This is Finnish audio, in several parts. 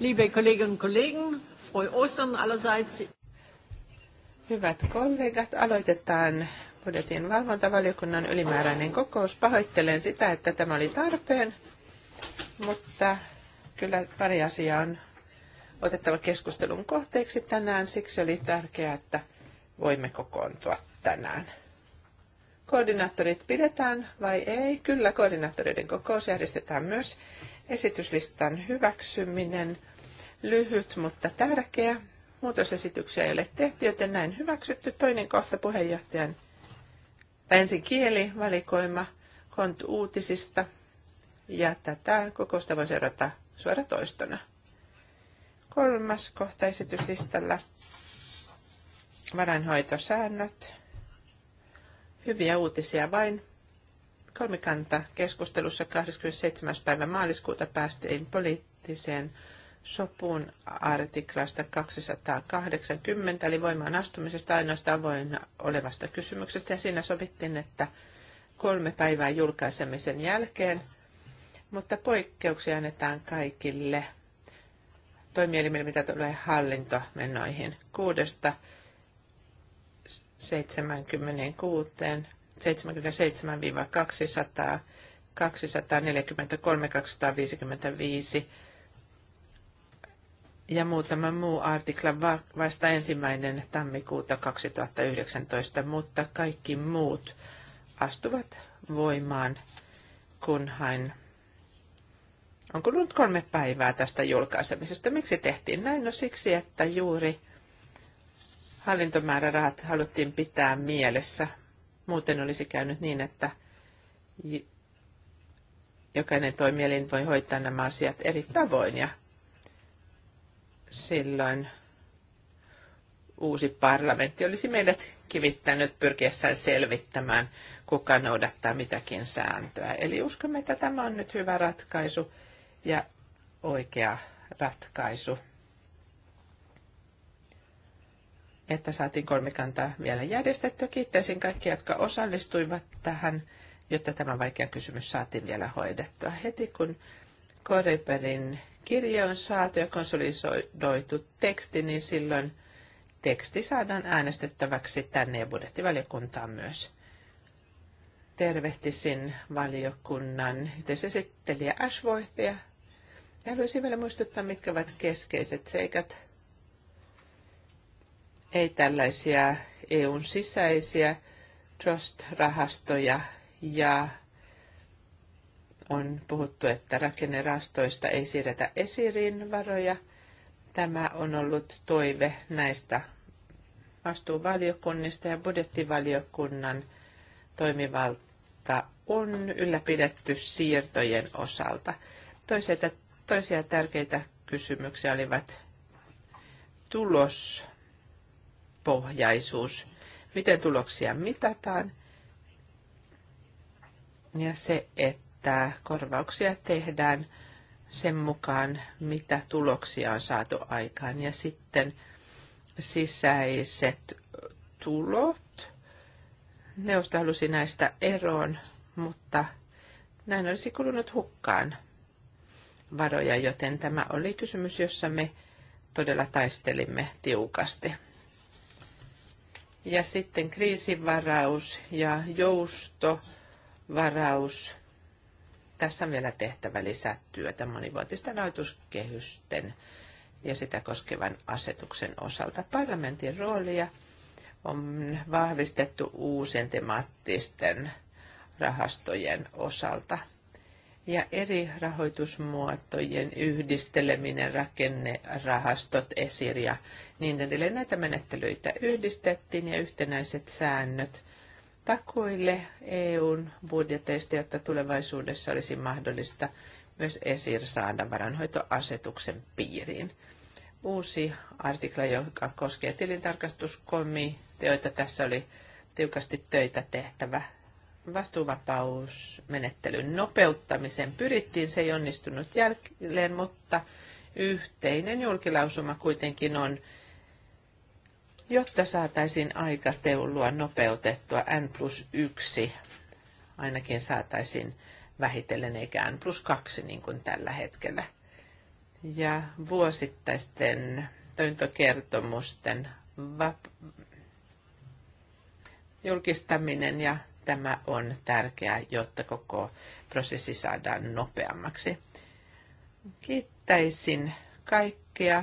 Liebe Kolleginnen und Kollegen, frohe Ostern allerseits. Hyvät kollegat, aloitetaan budjetin valvontavaliokunnan ylimääräinen kokous. Pahoittelen sitä, että tämä oli tarpeen, mutta kyllä pari asiaa on otettava keskustelun kohteeksi tänään. Siksi oli tärkeää, että voimme kokoontua tänään. Koordinaattorit pidetään vai ei? Kyllä, koordinaattoreiden kokous järjestetään myös. Esityslistan hyväksyminen lyhyt, mutta tärkeä. Muutosesityksiä ei ole tehty, joten näin hyväksytty. Toinen kohta puheenjohtajan, tai ensin kielivalikoima kont uutisista. Ja tätä kokousta voi seurata suoratoistona. Kolmas kohta esityslistalla. Varainhoitosäännöt. Hyviä uutisia vain. Kolmikanta keskustelussa 27. päivä maaliskuuta päästiin poliittiseen sopun artiklasta 280, eli voimaan astumisesta ainoasta avoinna olevasta kysymyksestä, ja siinä sovittiin, että kolme päivää julkaisemisen jälkeen, mutta poikkeuksia annetaan kaikille toimielimille, mitä tulee hallintomenoihin, kuudesta 76, 77-200, 243, 255, ja muutama muu artikla vasta ensimmäinen tammikuuta 2019, mutta kaikki muut astuvat voimaan, kunhan on kulunut kolme päivää tästä julkaisemisesta. Miksi tehtiin näin? No siksi, että juuri hallintomäärärahat haluttiin pitää mielessä. Muuten olisi käynyt niin, että jokainen toimielin voi hoitaa nämä asiat eri tavoin ja silloin uusi parlamentti olisi meidät kivittänyt pyrkiessään selvittämään, kuka noudattaa mitäkin sääntöä. Eli uskomme, että tämä on nyt hyvä ratkaisu ja oikea ratkaisu. Että saatiin kolmikantaa vielä järjestettyä. Kiittäisin kaikkia, jotka osallistuivat tähän, jotta tämä vaikea kysymys saatiin vielä hoidettua. Heti kun Koriperin kirje on saatu ja konsolidoitu teksti, niin silloin teksti saadaan äänestettäväksi tänne ja budjettivaliokuntaan myös. Tervehtisin valiokunnan yhteisesittelijä Ashworthia. Ja haluaisin vielä muistuttaa, mitkä ovat keskeiset seikat. Ei tällaisia EUn sisäisiä trust-rahastoja ja on puhuttu, että rakennerastoista ei siirretä esiriin varoja. Tämä on ollut toive näistä vastuuvaliokunnista ja budjettivaliokunnan toimivalta on ylläpidetty siirtojen osalta. Toisia, toisia tärkeitä kysymyksiä olivat tulospohjaisuus, miten tuloksia mitataan ja se, että että korvauksia tehdään sen mukaan, mitä tuloksia on saatu aikaan. Ja sitten sisäiset tulot. Neuvosto halusi näistä eroon, mutta näin olisi kulunut hukkaan varoja, joten tämä oli kysymys, jossa me todella taistelimme tiukasti. Ja sitten kriisivaraus ja joustovaraus tässä on vielä tehtävä lisätyötä monivuotisten rahoituskehysten ja sitä koskevan asetuksen osalta. Parlamentin roolia on vahvistettu uusien temaattisten rahastojen osalta. Ja eri rahoitusmuotojen yhdisteleminen, rakennerahastot, esir ja niin edelleen näitä menettelyitä yhdistettiin ja yhtenäiset säännöt takuille EUn budjeteista, jotta tulevaisuudessa olisi mahdollista myös ESIR saada varanhoitoasetuksen piiriin. Uusi artikla, joka koskee tilintarkastuskomiteoita, tässä oli tiukasti töitä tehtävä vastuuvapausmenettelyn nopeuttamiseen pyrittiin, se ei onnistunut jälleen, mutta yhteinen julkilausuma kuitenkin on jotta saataisiin aikateulua nopeutettua N plus 1, ainakin saataisiin vähitellen eikä N plus 2 niin kuin tällä hetkellä. Ja vuosittaisten töintökertomusten julkistaminen ja tämä on tärkeää, jotta koko prosessi saadaan nopeammaksi. Kiittäisin kaikkia.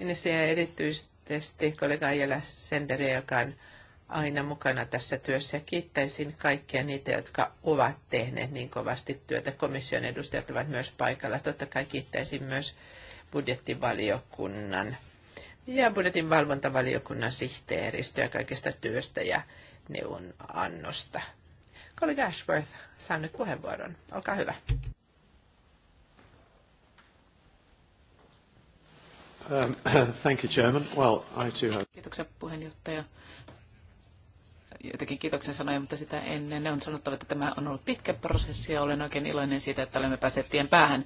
Inesiä erityisesti tietysti kollega Ajela Sendere, joka on aina mukana tässä työssä. Ja kiittäisin kaikkia niitä, jotka ovat tehneet niin kovasti työtä. Komission edustajat ovat myös paikalla. Totta kai kiittäisin myös budjettivaliokunnan ja budjetin valvontavaliokunnan sihteeristöä kaikesta työstä ja neuvonannosta. Kollega Ashworth saa nyt puheenvuoron. Olkaa hyvä. Um, thank you, Chairman. Well, I too have... Kiitoksia puheenjohtaja. Jotenkin kiitoksen sanoja, mutta sitä ennen on sanottava, että tämä on ollut pitkä prosessi ja olen oikein iloinen siitä, että olemme päässeet tien päähän.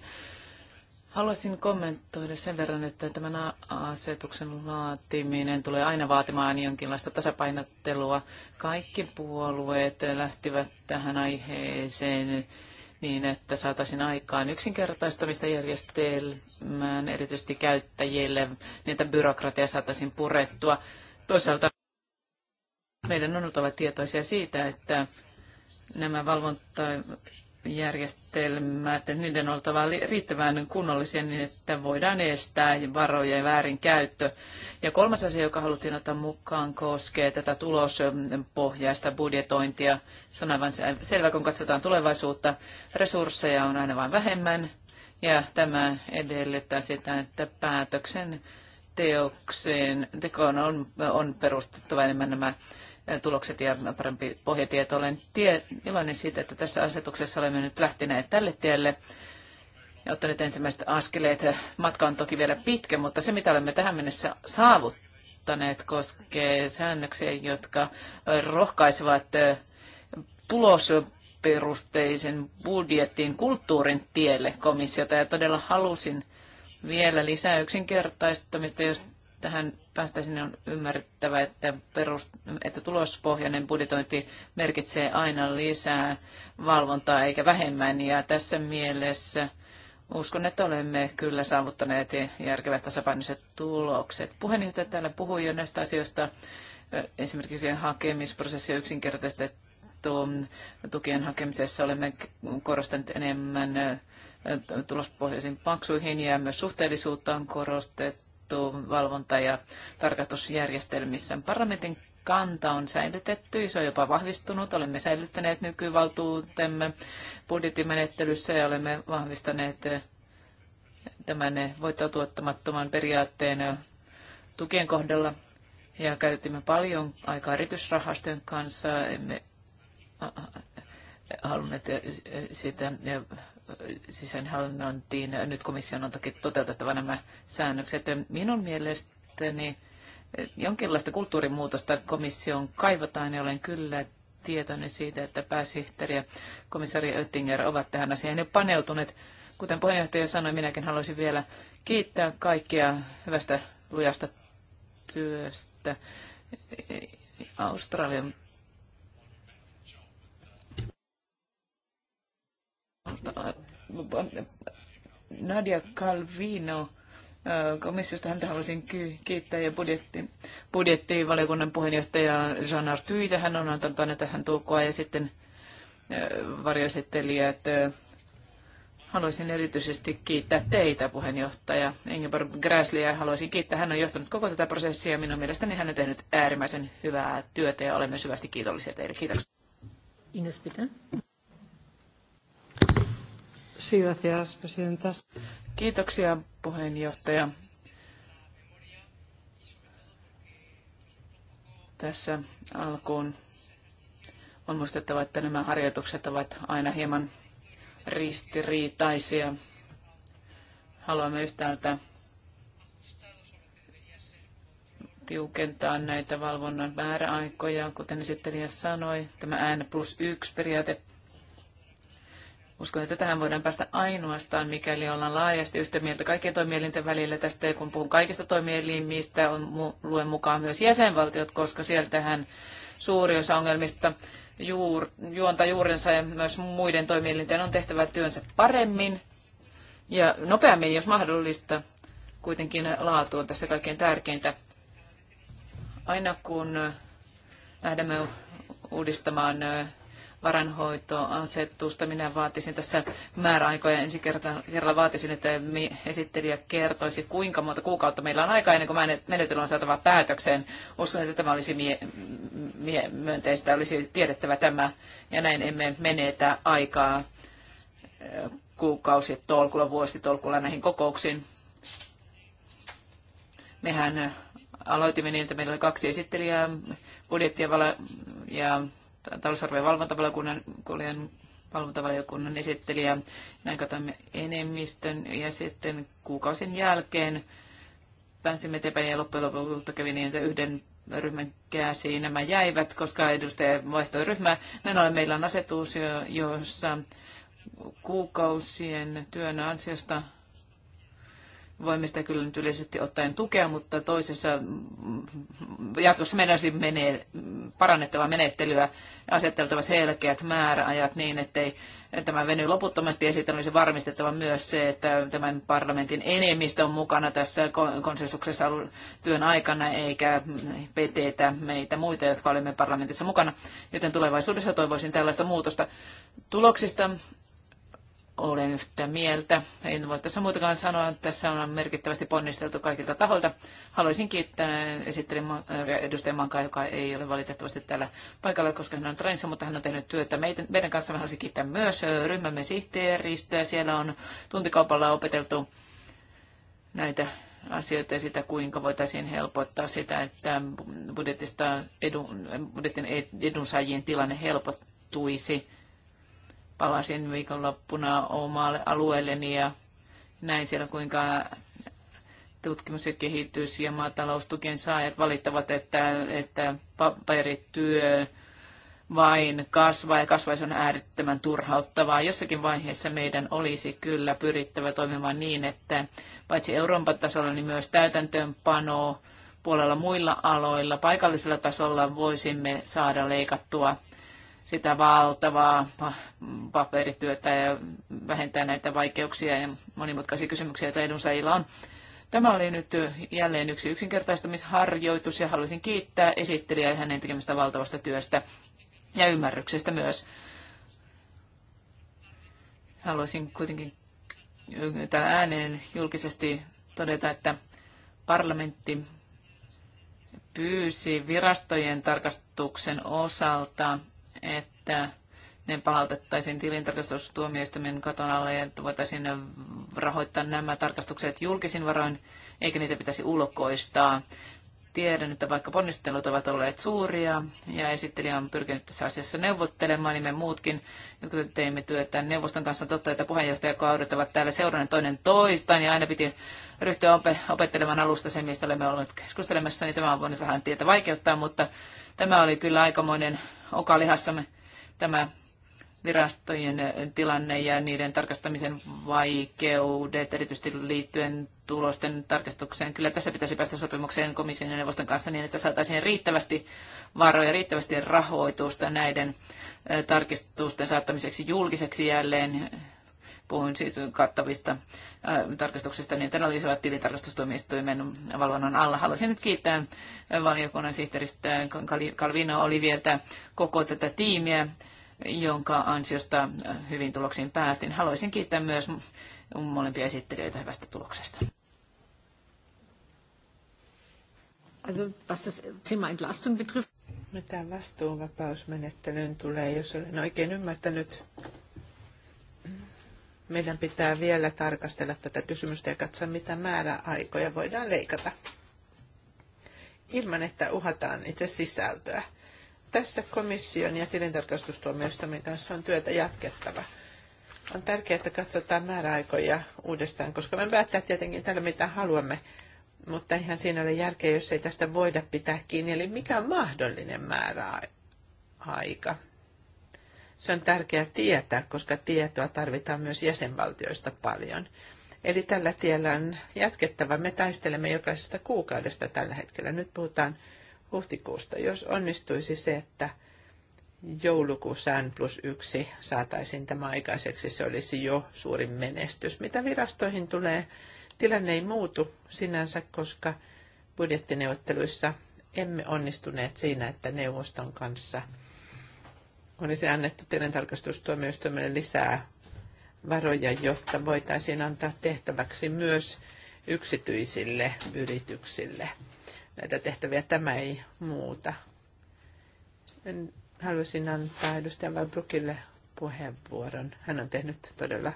Haluaisin kommentoida sen verran, että tämän asetuksen laatiminen tulee aina vaatimaan jonkinlaista tasapainottelua. Kaikki puolueet lähtivät tähän aiheeseen niin, että saataisiin aikaan yksinkertaistamista järjestelmään, erityisesti käyttäjille, niin että byrokratia saataisiin purettua. Toisaalta meidän on oltava tietoisia siitä, että nämä valvonta- järjestelmät, että niiden oltava riittävän kunnollisia niin, että voidaan estää varojen väärinkäyttö. Ja kolmas asia, joka haluttiin ottaa mukaan, koskee tätä tulospohjaista budjetointia. Se on aivan selvä, kun katsotaan tulevaisuutta. Resursseja on aina vain vähemmän, ja tämä edellyttää sitä, että päätöksen teokseen, tekoon on, on perustettava enemmän nämä tulokset ja parempi pohjatieto. Olen tie, iloinen siitä, että tässä asetuksessa olemme nyt lähteneet tälle tielle ja ottaneet ensimmäiset askeleet. Matka on toki vielä pitkä, mutta se mitä olemme tähän mennessä saavuttaneet koskee säännöksiä, jotka rohkaisevat tulos perusteisen budjetin kulttuurin tielle komissiota ja todella halusin vielä lisää yksinkertaistamista, jos tähän sinne on ymmärrettävä, että, perus, että tulospohjainen budjetointi merkitsee aina lisää valvontaa eikä vähemmän. Ja tässä mielessä uskon, että olemme kyllä saavuttaneet järkevät tasapainoiset tulokset. Puheenjohtaja täällä puhui jo näistä asioista. Esimerkiksi hakemisprosessi on yksinkertaistettu. Tukien hakemisessa olemme korostaneet enemmän tulospohjaisiin paksuihin ja myös suhteellisuutta on korostettu tapahtuu valvonta- ja tarkastusjärjestelmissä. Parlamentin kanta on säilytetty, se on jopa vahvistunut. Olemme säilyttäneet nykyvaltuutemme budjettimenettelyssä ja olemme vahvistaneet tämän voittotuottamattoman periaatteen tukien kohdalla. Ja käytimme paljon aikaa erityisrahastojen kanssa. Emme äh, äh, halunneet sitä sisäinhallinnointiin. Nyt komission on toki toteutettava nämä säännökset. Minun mielestäni jonkinlaista kulttuurimuutosta komission kaivataan ja olen kyllä tietoinen siitä, että pääsihteeri ja komissari Oettinger ovat tähän asiaan jo paneutuneet. Kuten puheenjohtaja sanoi, minäkin haluaisin vielä kiittää kaikkia hyvästä lujasta työstä. Australian Nadia Calvino äh, komissiosta häntä haluaisin kiittää ja budjetti, budjettivaliokunnan puheenjohtaja Jean Artyitä. Hän on antanut aina tähän tulkoa ja sitten äh, varjoesittelijät. Äh, haluaisin erityisesti kiittää teitä puheenjohtaja Ingeborg Gräsliä. Haluaisin kiittää. Hän on johtanut koko tätä prosessia. Minun mielestäni hän on tehnyt äärimmäisen hyvää työtä ja olemme syvästi kiitollisia teille. Kiitoksia. Ines, pitää. Sí, gracias, presidenta. Kiitoksia, puheenjohtaja. Tässä alkuun on muistettava, että nämä harjoitukset ovat aina hieman ristiriitaisia. Haluamme yhtäältä tiukentaa näitä valvonnan määräaikoja, kuten esittelijä sanoi. Tämä N plus 1 periaate Uskon, että tähän voidaan päästä ainoastaan, mikäli ollaan laajasti yhtä mieltä kaikkien toimielinten välillä tästä. Ja kun puhun kaikista toimielimistä, on luen mukaan myös jäsenvaltiot, koska sieltähän suuri osa ongelmista juur, juonta juurensa ja myös muiden toimielinten on tehtävä työnsä paremmin ja nopeammin, jos mahdollista. Kuitenkin laatu on tässä kaikkein tärkeintä. Aina kun lähdemme uudistamaan varanhoitoasetusta. Minä vaatisin tässä määräaikoja ensi kertaa, kerralla vaatisin, että esittelijä kertoisi, kuinka monta kuukautta meillä on aikaa ennen kuin menetelmä on saatava päätökseen. Uskon, että tämä olisi mie- mie- myönteistä, olisi tiedettävä tämä, ja näin emme menetä aikaa eh, kuukausitolkulla, vuositolkulla näihin kokouksiin. Mehän eh, aloitimme niin, että meillä oli kaksi esittelijää, budjettia ja, ja talousarvojen valvontavaliokunnan valvontavaliokunnan esittelijä. Näin katsoimme enemmistön ja sitten kuukausin jälkeen pääsimme eteenpäin ja loppujen lopulta kävi niin, että yhden ryhmän käsiin nämä jäivät, koska edustaja vaihtoi ryhmää. Näin ollen meillä on asetus, jossa kuukausien työn ansiosta voimme sitä kyllä nyt yleisesti ottaen tukea, mutta toisessa mm, jatkossa meidän olisi menee, parannettava menettelyä ja asetteltava selkeät määräajat niin, ettei tämä veny loputtomasti ja sitten olisi varmistettava myös se, että tämän parlamentin enemmistö on mukana tässä konsensuksessa työn aikana eikä petetä meitä muita, jotka olemme parlamentissa mukana, joten tulevaisuudessa toivoisin tällaista muutosta. Tuloksista olen yhtä mieltä. En voi tässä muutakaan sanoa. Tässä on merkittävästi ponnisteltu kaikilta taholta. Haluaisin kiittää esittelin edustaja Mankaa, joka ei ole valitettavasti täällä paikalla, koska hän on transa, mutta hän on tehnyt työtä meidän, meidän kanssa. Haluaisin kiittää myös ryhmämme sihteeristöä. Siellä on tuntikaupalla opeteltu näitä asioita ja sitä, kuinka voitaisiin helpottaa sitä, että budjetista edun, budjetin edunsaajien tilanne helpottuisi palasin viikonloppuna omalle alueelleni ja näin siellä, kuinka tutkimus ja kehitys ja maataloustukien saajat valittavat, että, että paperityö vain kasvaa ja kasvaa, se on äärettömän turhauttavaa. Jossakin vaiheessa meidän olisi kyllä pyrittävä toimimaan niin, että paitsi Euroopan tasolla, niin myös täytäntöönpano puolella muilla aloilla, paikallisella tasolla voisimme saada leikattua sitä valtavaa paperityötä ja vähentää näitä vaikeuksia ja monimutkaisia kysymyksiä, joita edunsaajilla on. Tämä oli nyt jälleen yksi yksinkertaistamisharjoitus ja haluaisin kiittää esittelijää hänen tekemästä valtavasta työstä ja ymmärryksestä myös. Haluaisin kuitenkin tällä ääneen julkisesti todeta, että parlamentti pyysi virastojen tarkastuksen osalta että ne palautettaisiin tilintarkastustuomioistuimen katon alle ja että voitaisiin rahoittaa nämä tarkastukset julkisin varoin, eikä niitä pitäisi ulkoistaa. Tiedän, että vaikka ponnistelut ovat olleet suuria ja esittelijä on pyrkinyt tässä asiassa neuvottelemaan, niin me muutkin, kun teimme työtä neuvoston kanssa, on totta, että puheenjohtajakaudet ovat täällä seuranneet toinen toistaan ja aina piti ryhtyä opettelemaan alusta se, mistä olemme olleet keskustelemassa, niin tämä on voinut vähän tietä vaikeuttaa, mutta tämä oli kyllä aikamoinen okalihassamme tämä virastojen tilanne ja niiden tarkastamisen vaikeudet, erityisesti liittyen tulosten tarkastukseen. Kyllä tässä pitäisi päästä sopimukseen komission ja neuvoston kanssa niin, että saataisiin riittävästi varoja, riittävästi rahoitusta näiden tarkistusten saattamiseksi julkiseksi jälleen puhuin siis kattavista äh, tarkastuksista, niin tänä olisivat tilitarkastustuomioistuimen valvonnan alla. Haluaisin nyt kiittää valiokunnan sihteeristä Calvino Oliviertä koko tätä tiimiä, jonka ansiosta hyvin tuloksiin päästiin. Haluaisin kiittää myös molempia esittelijöitä hyvästä tuloksesta. Also was das Thema Entlastung betrifft. Mitä vastuunvapausmenettelyyn tulee, jos olen oikein ymmärtänyt, meidän pitää vielä tarkastella tätä kysymystä ja katsoa, mitä määräaikoja voidaan leikata ilman, että uhataan itse sisältöä. Tässä komission ja tilintarkastustuomioistuimen kanssa on työtä jatkettava. On tärkeää, että katsotaan määräaikoja uudestaan, koska me päättää tietenkin tällä, mitä haluamme, mutta ihan siinä ole järkeä, jos ei tästä voida pitää kiinni. Eli mikä on mahdollinen määräaika? Se on tärkeää tietää, koska tietoa tarvitaan myös jäsenvaltioista paljon. Eli tällä tiellä on jatkettava. Me taistelemme jokaisesta kuukaudesta tällä hetkellä. Nyt puhutaan huhtikuusta. Jos onnistuisi se, että joulukuussa N plus 1 saataisiin tämä aikaiseksi, se olisi jo suurin menestys. Mitä virastoihin tulee, tilanne ei muutu sinänsä, koska budjettineuvotteluissa emme onnistuneet siinä, että neuvoston kanssa – olisi annettu tilintarkastustuomioistuimelle lisää varoja, jotta voitaisiin antaa tehtäväksi myös yksityisille yrityksille näitä tehtäviä. Tämä ei muuta. En haluaisin antaa edustaja Valbrukille puheenvuoron. Hän on tehnyt todella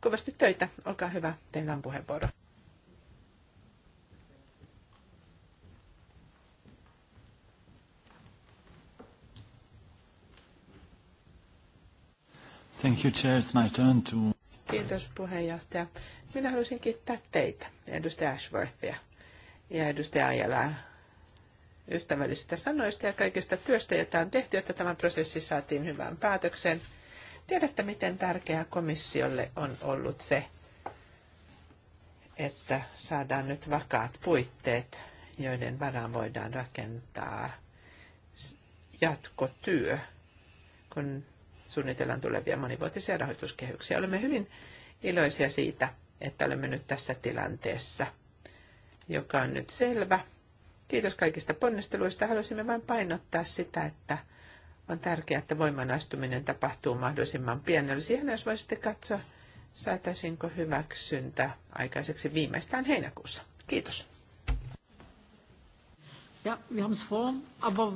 kovasti töitä. Olkaa hyvä, teillä on puheenvuoro. Thank you, Chair. It's my turn to... Kiitos puheenjohtaja. Minä haluaisin kiittää teitä, edustaja Ashworthia ja edustaja Ajalaa ystävällisistä sanoista ja kaikista työstä, jota on tehty, että tämä prosessi saatiin hyvään päätökseen. Tiedätte, miten tärkeää komissiolle on ollut se, että saadaan nyt vakaat puitteet, joiden varaan voidaan rakentaa jatkotyö, kun suunnitellaan tulevia monivuotisia rahoituskehyksiä. Olemme hyvin iloisia siitä, että olemme nyt tässä tilanteessa, joka on nyt selvä. Kiitos kaikista ponnisteluista. Haluaisimme vain painottaa sitä, että on tärkeää, että voimanastuminen tapahtuu mahdollisimman pian. Eli siihen, jos voisitte katsoa, saataisinko hyväksyntä aikaiseksi viimeistään heinäkuussa. Kiitos. Ja, wir haben es vor, aber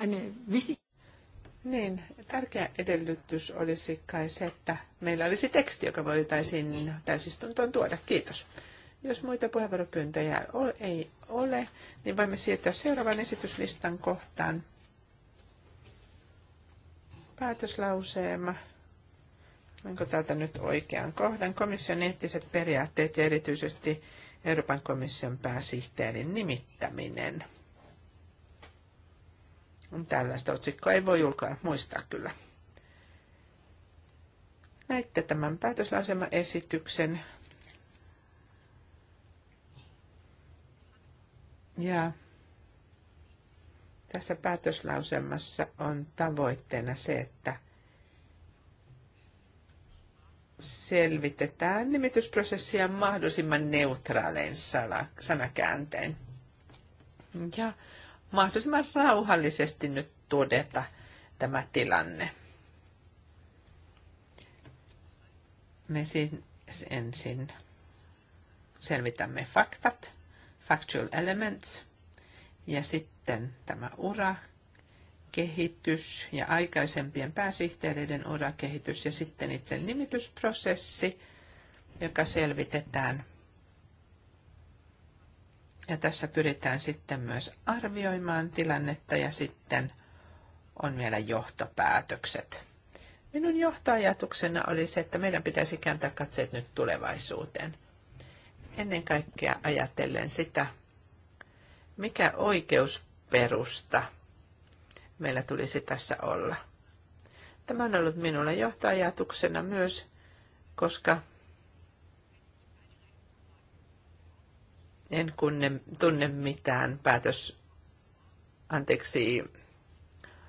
eine wichtige niin, tärkeä edellytys olisi kai se, että meillä olisi teksti, joka voitaisiin täysistuntoon tuoda. Kiitos. Jos muita puheenvuoropyyntöjä ei ole, niin voimme siirtyä seuraavan esityslistan kohtaan. Päätöslauseema. Onko täältä nyt oikean kohdan? Komission eettiset periaatteet ja erityisesti Euroopan komission pääsihteerin nimittäminen. Tällaista otsikkoa ei voi ulkoa muistaa kyllä. Näitte tämän päätöslausemaesityksen. Ja tässä päätöslausemassa on tavoitteena se, että selvitetään nimitysprosessia mahdollisimman neutraalein sanakääntein. Ja mahdollisimman rauhallisesti nyt todeta tämä tilanne. Me siis ensin selvitämme faktat, factual elements, ja sitten tämä ura, kehitys ja aikaisempien pääsihteereiden urakehitys ja sitten itse nimitysprosessi, joka selvitetään – ja tässä pyritään sitten myös arvioimaan tilannetta ja sitten on vielä johtopäätökset. Minun johtoajatuksena oli se, että meidän pitäisi kääntää katseet nyt tulevaisuuteen. Ennen kaikkea ajatellen sitä, mikä oikeusperusta meillä tulisi tässä olla. Tämä on ollut minulle johtoajatuksena myös, koska En kunne, tunne mitään päätös, anteeksi,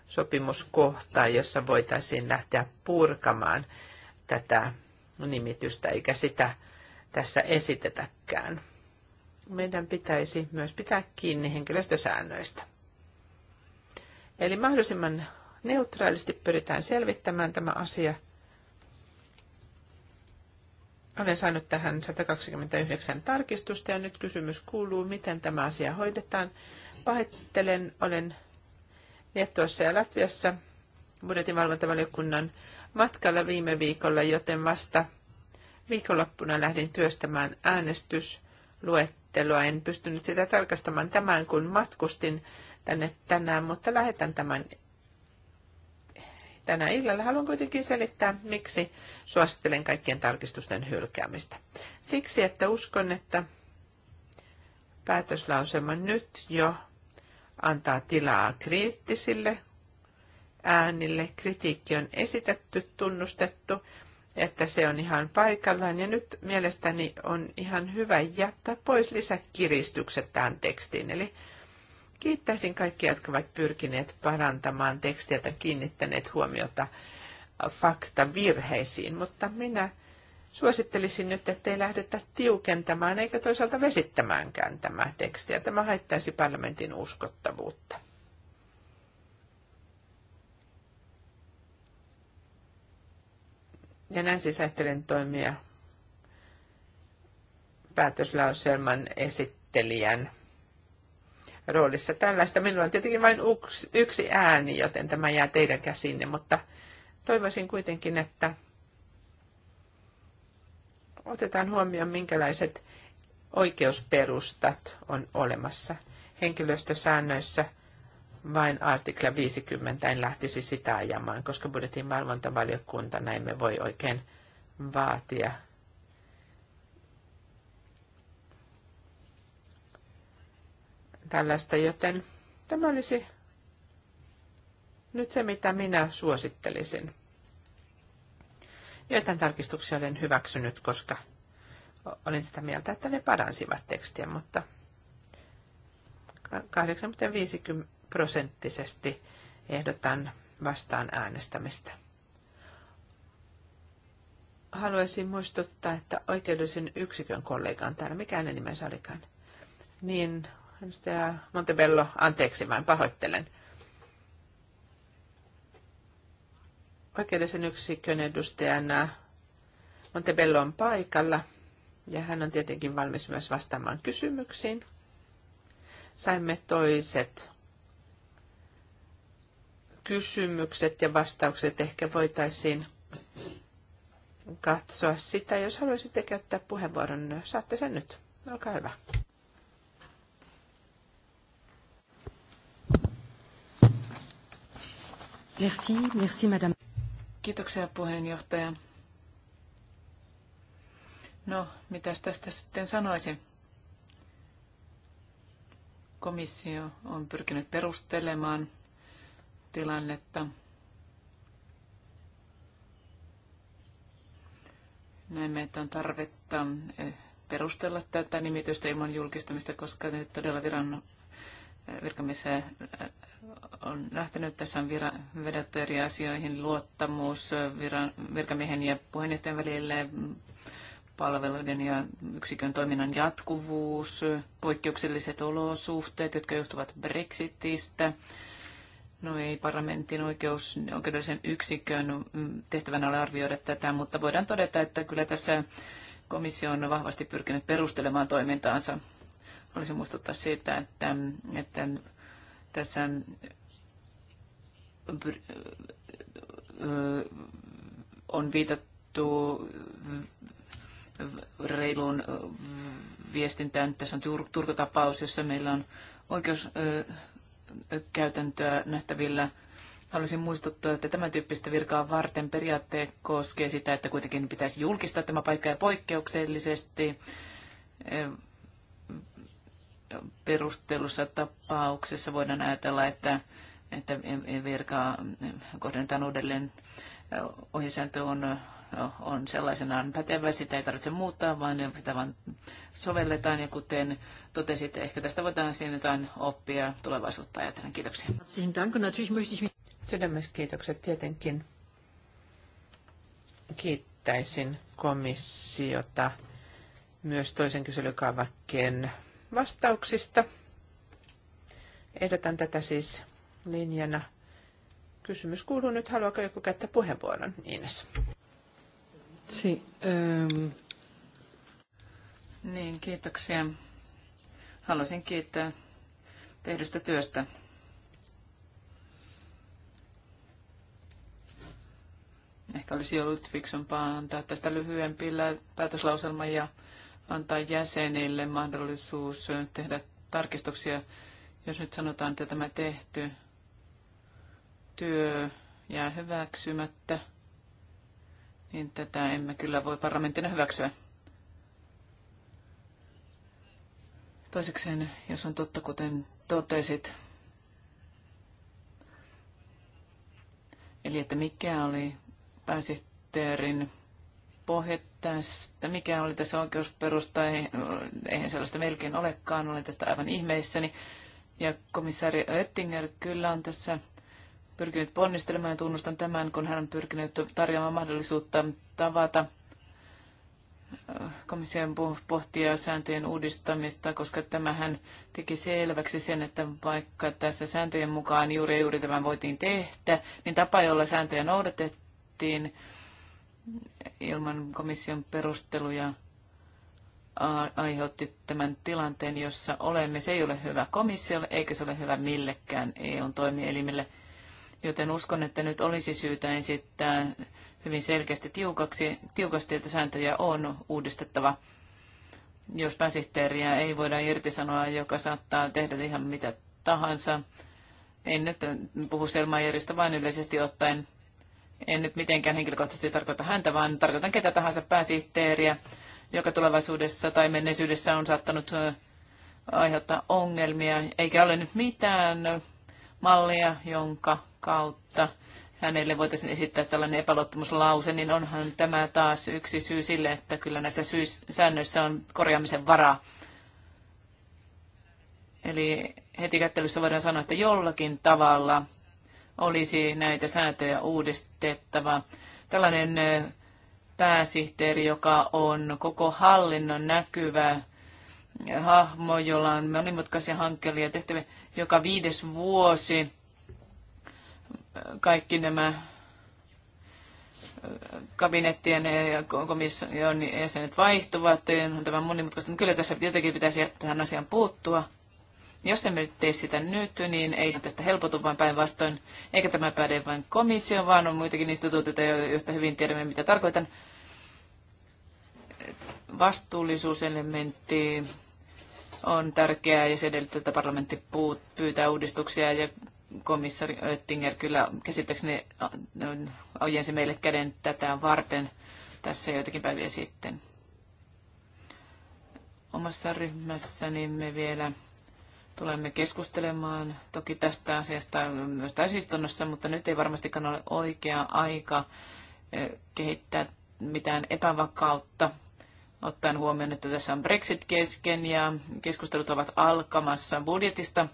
sopimuskohtaa, jossa voitaisiin lähteä purkamaan tätä nimitystä, eikä sitä tässä esitetäkään. Meidän pitäisi myös pitää kiinni henkilöstösäännöistä. Eli mahdollisimman neutraalisti pyritään selvittämään tämä asia – olen saanut tähän 129 tarkistusta ja nyt kysymys kuuluu, miten tämä asia hoidetaan. Pahettelen, olen Liettuassa ja Latviassa budjetinvalvontavaliokunnan matkalla viime viikolla, joten vasta viikonloppuna lähdin työstämään äänestysluetteloa. En pystynyt sitä tarkastamaan tämän, kun matkustin tänne tänään, mutta lähetän tämän tänä illalla, haluan kuitenkin selittää, miksi suosittelen kaikkien tarkistusten hylkäämistä. Siksi, että uskon, että päätöslausema nyt jo antaa tilaa kriittisille äänille. Kritiikki on esitetty, tunnustettu, että se on ihan paikallaan. Ja nyt mielestäni on ihan hyvä jättää pois lisäkiristykset tähän tekstiin. Eli Kiittäisin kaikkia, jotka ovat pyrkineet parantamaan tekstiä tai kiinnittäneet huomiota faktavirheisiin, mutta minä suosittelisin nyt, ettei lähdetä tiukentamaan eikä toisaalta vesittämäänkään tämä tekstiä. Tämä haittaisi parlamentin uskottavuutta. Ja näin siis ajattelen toimia päätöslauselman esittelijän roolissa. Tällaista minulla on tietenkin vain yksi ääni, joten tämä jää teidän käsinne, mutta toivoisin kuitenkin, että otetaan huomioon, minkälaiset oikeusperustat on olemassa. Henkilöstösäännöissä vain artikla 50 en lähtisi sitä ajamaan, koska budjetin valvontavaliokunta näin me voi oikein vaatia tällaista, joten tämä olisi nyt se, mitä minä suosittelisin. Joitain tarkistuksia olen hyväksynyt, koska olin sitä mieltä, että ne paransivat tekstiä, mutta 85 prosenttisesti ehdotan vastaan äänestämistä. Haluaisin muistuttaa, että oikeudellisen yksikön kollega on täällä, mikään en nimensä olikaan, niin Edustaja Montebello, anteeksi, vain pahoittelen. Oikeudellisen yksikön edustajana Montebello on paikalla ja hän on tietenkin valmis myös vastaamaan kysymyksiin. Saimme toiset kysymykset ja vastaukset. Ehkä voitaisiin katsoa sitä. Jos haluaisitte käyttää puheenvuoron, saatte sen nyt. Olkaa hyvä. Merci, merci madame. Kiitoksia puheenjohtaja. No, mitä tästä sitten sanoisin? Komissio on pyrkinyt perustelemaan tilannetta. Näemme, että on tarvetta eh, perustella tätä nimitystä ilman julkistamista, koska nyt todella viranomaiset virkamies äh, on lähtenyt. Tässä on vira, vedetty eri asioihin, luottamus äh, viran, virkamiehen ja puheenjohtajan välille palveluiden ja yksikön toiminnan jatkuvuus, poikkeukselliset olosuhteet, jotka johtuvat Brexitistä. No ei parlamentin oikeus, oikeudellisen yksikön tehtävänä ole arvioida tätä, mutta voidaan todeta, että kyllä tässä komissio on vahvasti pyrkinyt perustelemaan toimintaansa. Haluaisin muistuttaa siitä, että, että tässä on viitattu reiluun viestintään. Tässä on Turkotapaus, jossa meillä on oikeuskäytäntöä nähtävillä. Haluaisin muistuttaa, että tämän tyyppistä virkaa varten periaatte koskee sitä, että kuitenkin pitäisi julkistaa tämä paikka ja poikkeuksellisesti perustelussa tapauksessa voidaan ajatella, että, että virkaa kohdennetaan uudelleen ohjesääntö on, on sellaisenaan pätevä, sitä ei tarvitse muuttaa, vaan sitä vain sovelletaan. Ja kuten totesit, ehkä tästä voidaan siinä jotain oppia tulevaisuutta ajatellen. Kiitoksia. Sydämessä kiitokset tietenkin. Kiittäisin komissiota myös toisen kyselykaavakkeen vastauksista. Ehdotan tätä siis linjana. Kysymys kuuluu nyt, haluaako joku käyttää puheenvuoron, Ines? Si, ähm. Niin, kiitoksia. Haluaisin kiittää tehdystä työstä. Ehkä olisi ollut fiksumpaa antaa tästä lyhyempi päätöslauselma ja antaa jäsenille mahdollisuus tehdä tarkistuksia, jos nyt sanotaan, että tämä tehty työ jää hyväksymättä, niin tätä emme kyllä voi parlamenttina hyväksyä. Toisekseen, jos on totta, kuten totesit, eli että mikä oli pääsihteerin pohja tästä, mikä oli tässä oikeusperusta, eihän sellaista melkein olekaan, olen tästä aivan ihmeissäni. Ja komissaari Oettinger kyllä on tässä pyrkinyt ponnistelemaan ja tunnustan tämän, kun hän on pyrkinyt tarjoamaan mahdollisuutta tavata äh, komission pohtia sääntöjen uudistamista, koska tämähän teki selväksi sen, että vaikka tässä sääntöjen mukaan juuri ja juuri tämän voitiin tehdä, niin tapa, jolla sääntöjä noudatettiin, ilman komission perusteluja aiheutti tämän tilanteen, jossa olemme. Se ei ole hyvä komissiolle eikä se ole hyvä millekään eu toimielimille. Joten uskon, että nyt olisi syytä esittää hyvin selkeästi tiukaksi, tiukasti, että sääntöjä on uudistettava. Jos pääsihteeriä ei voida irtisanoa, joka saattaa tehdä ihan mitä tahansa. En nyt puhu Selmajärjestä, vaan yleisesti ottaen en nyt mitenkään henkilökohtaisesti tarkoita häntä, vaan tarkoitan ketä tahansa pääsihteeriä, joka tulevaisuudessa tai menneisyydessä on saattanut aiheuttaa ongelmia, eikä ole nyt mitään mallia, jonka kautta hänelle voitaisiin esittää tällainen epäluottamuslause, niin onhan tämä taas yksi syy sille, että kyllä näissä säännöissä on korjaamisen varaa. Eli heti kättelyssä voidaan sanoa, että jollakin tavalla olisi näitä sääntöjä uudistettava. Tällainen pääsihteeri, joka on koko hallinnon näkyvä hahmo, jolla on monimutkaisia hankkeita tehtäviä joka viides vuosi. Kaikki nämä kabinettien ja komission jäsenet vaihtuvat, on tämä monimutkaista. Kyllä tässä jotenkin pitäisi tähän asiaan puuttua. Jos emme tee sitä nyt, niin ei tästä helpotu, vaan päinvastoin. Eikä tämä päde vain komission, vaan on muitakin instituutioita, joista hyvin tiedämme, mitä tarkoitan. Vastuullisuuselementti on tärkeää ja se edellyttää, että parlamentti pyytää uudistuksia ja komissari Oettinger kyllä käsittääkseni ojensi meille käden tätä varten tässä joitakin päiviä sitten. Omassa ryhmässäni me vielä Tulemme keskustelemaan toki tästä asiasta myös täysistunnossa, mutta nyt ei varmastikaan ole oikea aika eh, kehittää mitään epävakautta, ottaen huomioon, että tässä on Brexit kesken ja keskustelut ovat alkamassa budjetista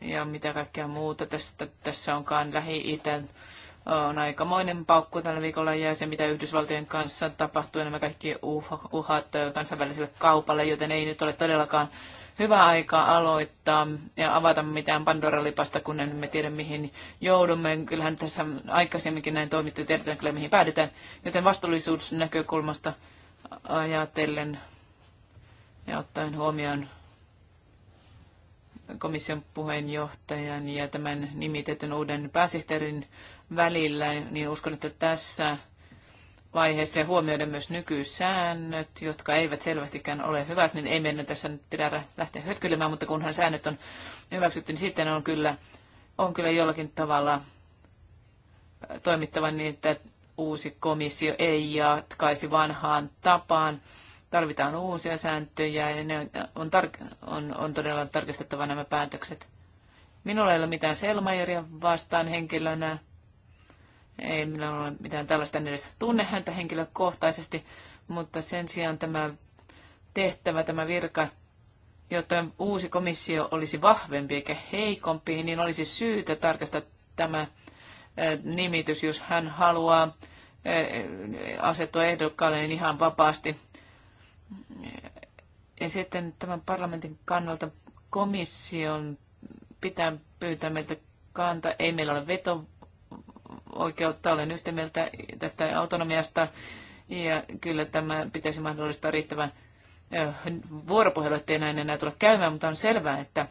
ja mitä kaikkea muuta tästä, tässä onkaan Lähi-Itän on aikamoinen paukku tällä viikolla ja se, mitä Yhdysvaltojen kanssa tapahtuu, nämä kaikki uhat eh, kansainväliselle kaupalle, joten ei nyt ole todellakaan hyvä aika aloittaa ja avata mitään Pandora-lipasta, kun emme tiedä mihin joudumme. Kyllähän tässä aikaisemminkin näin toimittiin, tiedetään kyllä mihin päädytään. Joten vastuullisuusnäkökulmasta ajatellen ja ottaen huomioon komission puheenjohtajan ja tämän nimitetyn uuden pääsihteerin välillä, niin uskon, että tässä vaiheessa ja huomioida myös nykysäännöt, jotka eivät selvästikään ole hyvät, niin ei meidän tässä nyt pidä lähteä hötkylemään, mutta kunhan säännöt on hyväksytty, niin sitten on kyllä, on kyllä jollakin tavalla äh, toimittava niin, että uusi komissio ei jatkaisi vanhaan tapaan. Tarvitaan uusia sääntöjä ja ne on, tar- on, on todella tarkistettava nämä päätökset. Minulla ei ole mitään Selmajeria vastaan henkilönä ei minulla ole mitään tällaista en edes tunne häntä henkilökohtaisesti, mutta sen sijaan tämä tehtävä, tämä virka, jotta uusi komissio olisi vahvempi eikä heikompi, niin olisi syytä tarkastaa tämä nimitys, jos hän haluaa asettua ehdokkaalle niin ihan vapaasti. Ja sitten tämän parlamentin kannalta komission pitää pyytää meiltä kanta. Ei meillä ole veto oikeutta. Olen yhtä mieltä tästä autonomiasta ja kyllä tämä pitäisi mahdollistaa riittävän vuoropuhelu, ettei näin enää tule käymään, mutta on selvää, että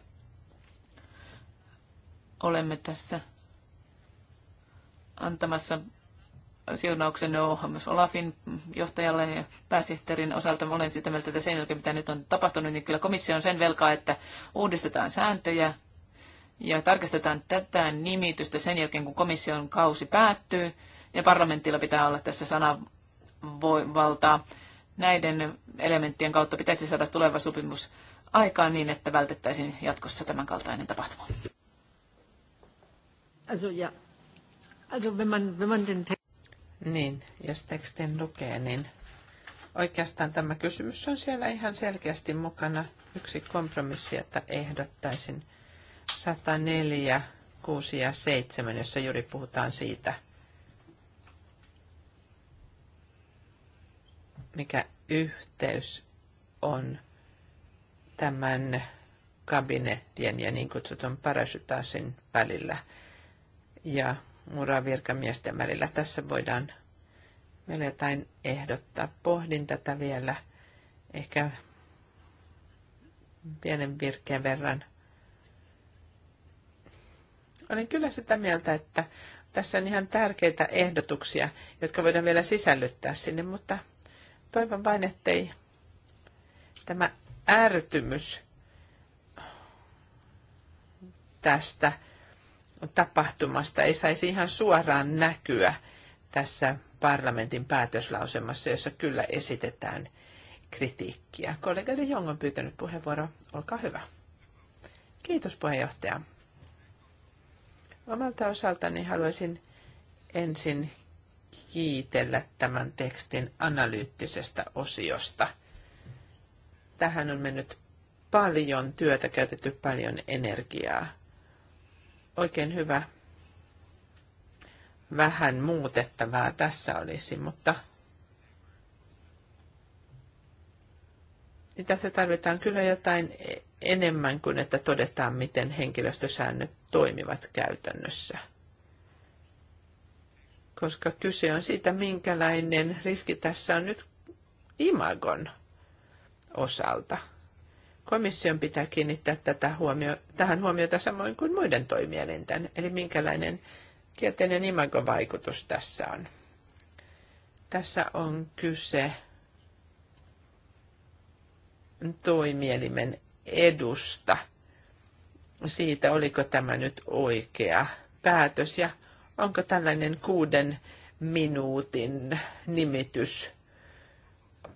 olemme tässä antamassa siunauksen myös Olafin johtajalle ja pääsihteerin osalta. Olen sitä mieltä, että sen jälkeen, mitä nyt on tapahtunut, niin kyllä komissio on sen velkaa, että uudistetaan sääntöjä ja tarkastetaan tätä nimitystä sen jälkeen, kun komission kausi päättyy ja parlamentilla pitää olla tässä sananvaltaa. Näiden elementtien kautta pitäisi saada tuleva sopimus aikaan niin, että vältettäisiin jatkossa tämän kaltainen tapahtuma. Also, ja. also wenn man, wenn man den niin, jos tekstin lukee, niin oikeastaan tämä kysymys on siellä ihan selkeästi mukana. Yksi kompromissi, että ehdottaisin 104, 6 ja 7, jossa juuri puhutaan siitä, mikä yhteys on tämän kabinettien ja niin kutsutun parasytaasin välillä ja muravirkamiesten välillä. Tässä voidaan vielä jotain ehdottaa. Pohdin tätä vielä ehkä pienen virkeen verran olen kyllä sitä mieltä, että tässä on ihan tärkeitä ehdotuksia, jotka voidaan vielä sisällyttää sinne, mutta toivon vain, ettei tämä ärtymys tästä tapahtumasta ei saisi ihan suoraan näkyä tässä parlamentin päätöslausemassa, jossa kyllä esitetään kritiikkiä. Kollega De Jong on pyytänyt puheenvuoro. Olkaa hyvä. Kiitos puheenjohtaja. Omalta osaltani haluaisin ensin kiitellä tämän tekstin analyyttisestä osiosta. Tähän on mennyt paljon työtä, käytetty paljon energiaa. Oikein hyvä. Vähän muutettavaa tässä olisi, mutta tässä tarvitaan kyllä jotain enemmän kuin että todetaan, miten henkilöstösäännöt toimivat käytännössä. Koska kyse on siitä, minkälainen riski tässä on nyt imagon osalta. Komission pitää kiinnittää tätä huomio, tähän huomiota samoin kuin muiden toimielinten, eli minkälainen kielteinen imagovaikutus tässä on. Tässä on kyse toimielimen edusta siitä, oliko tämä nyt oikea päätös ja onko tällainen kuuden minuutin nimitys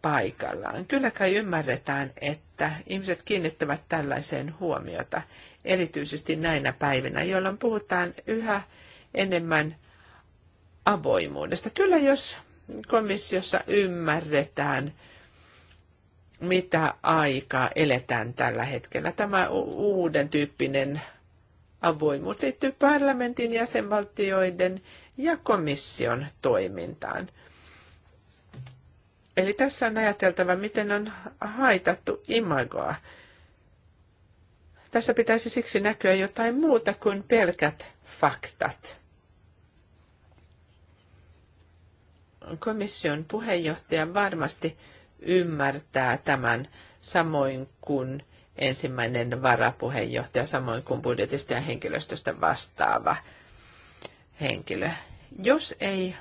paikallaan. Kyllä kai ymmärretään, että ihmiset kiinnittävät tällaiseen huomiota, erityisesti näinä päivinä, jolloin puhutaan yhä enemmän avoimuudesta. Kyllä jos komissiossa ymmärretään mitä aikaa eletään tällä hetkellä. Tämä uuden tyyppinen avoimuus liittyy parlamentin, jäsenvaltioiden ja komission toimintaan. Eli tässä on ajateltava, miten on haitattu imagoa. Tässä pitäisi siksi näkyä jotain muuta kuin pelkät faktat. Komission puheenjohtaja varmasti ymmärtää tämän samoin kuin ensimmäinen varapuheenjohtaja, samoin kuin budjetista ja henkilöstöstä vastaava henkilö. Jos ei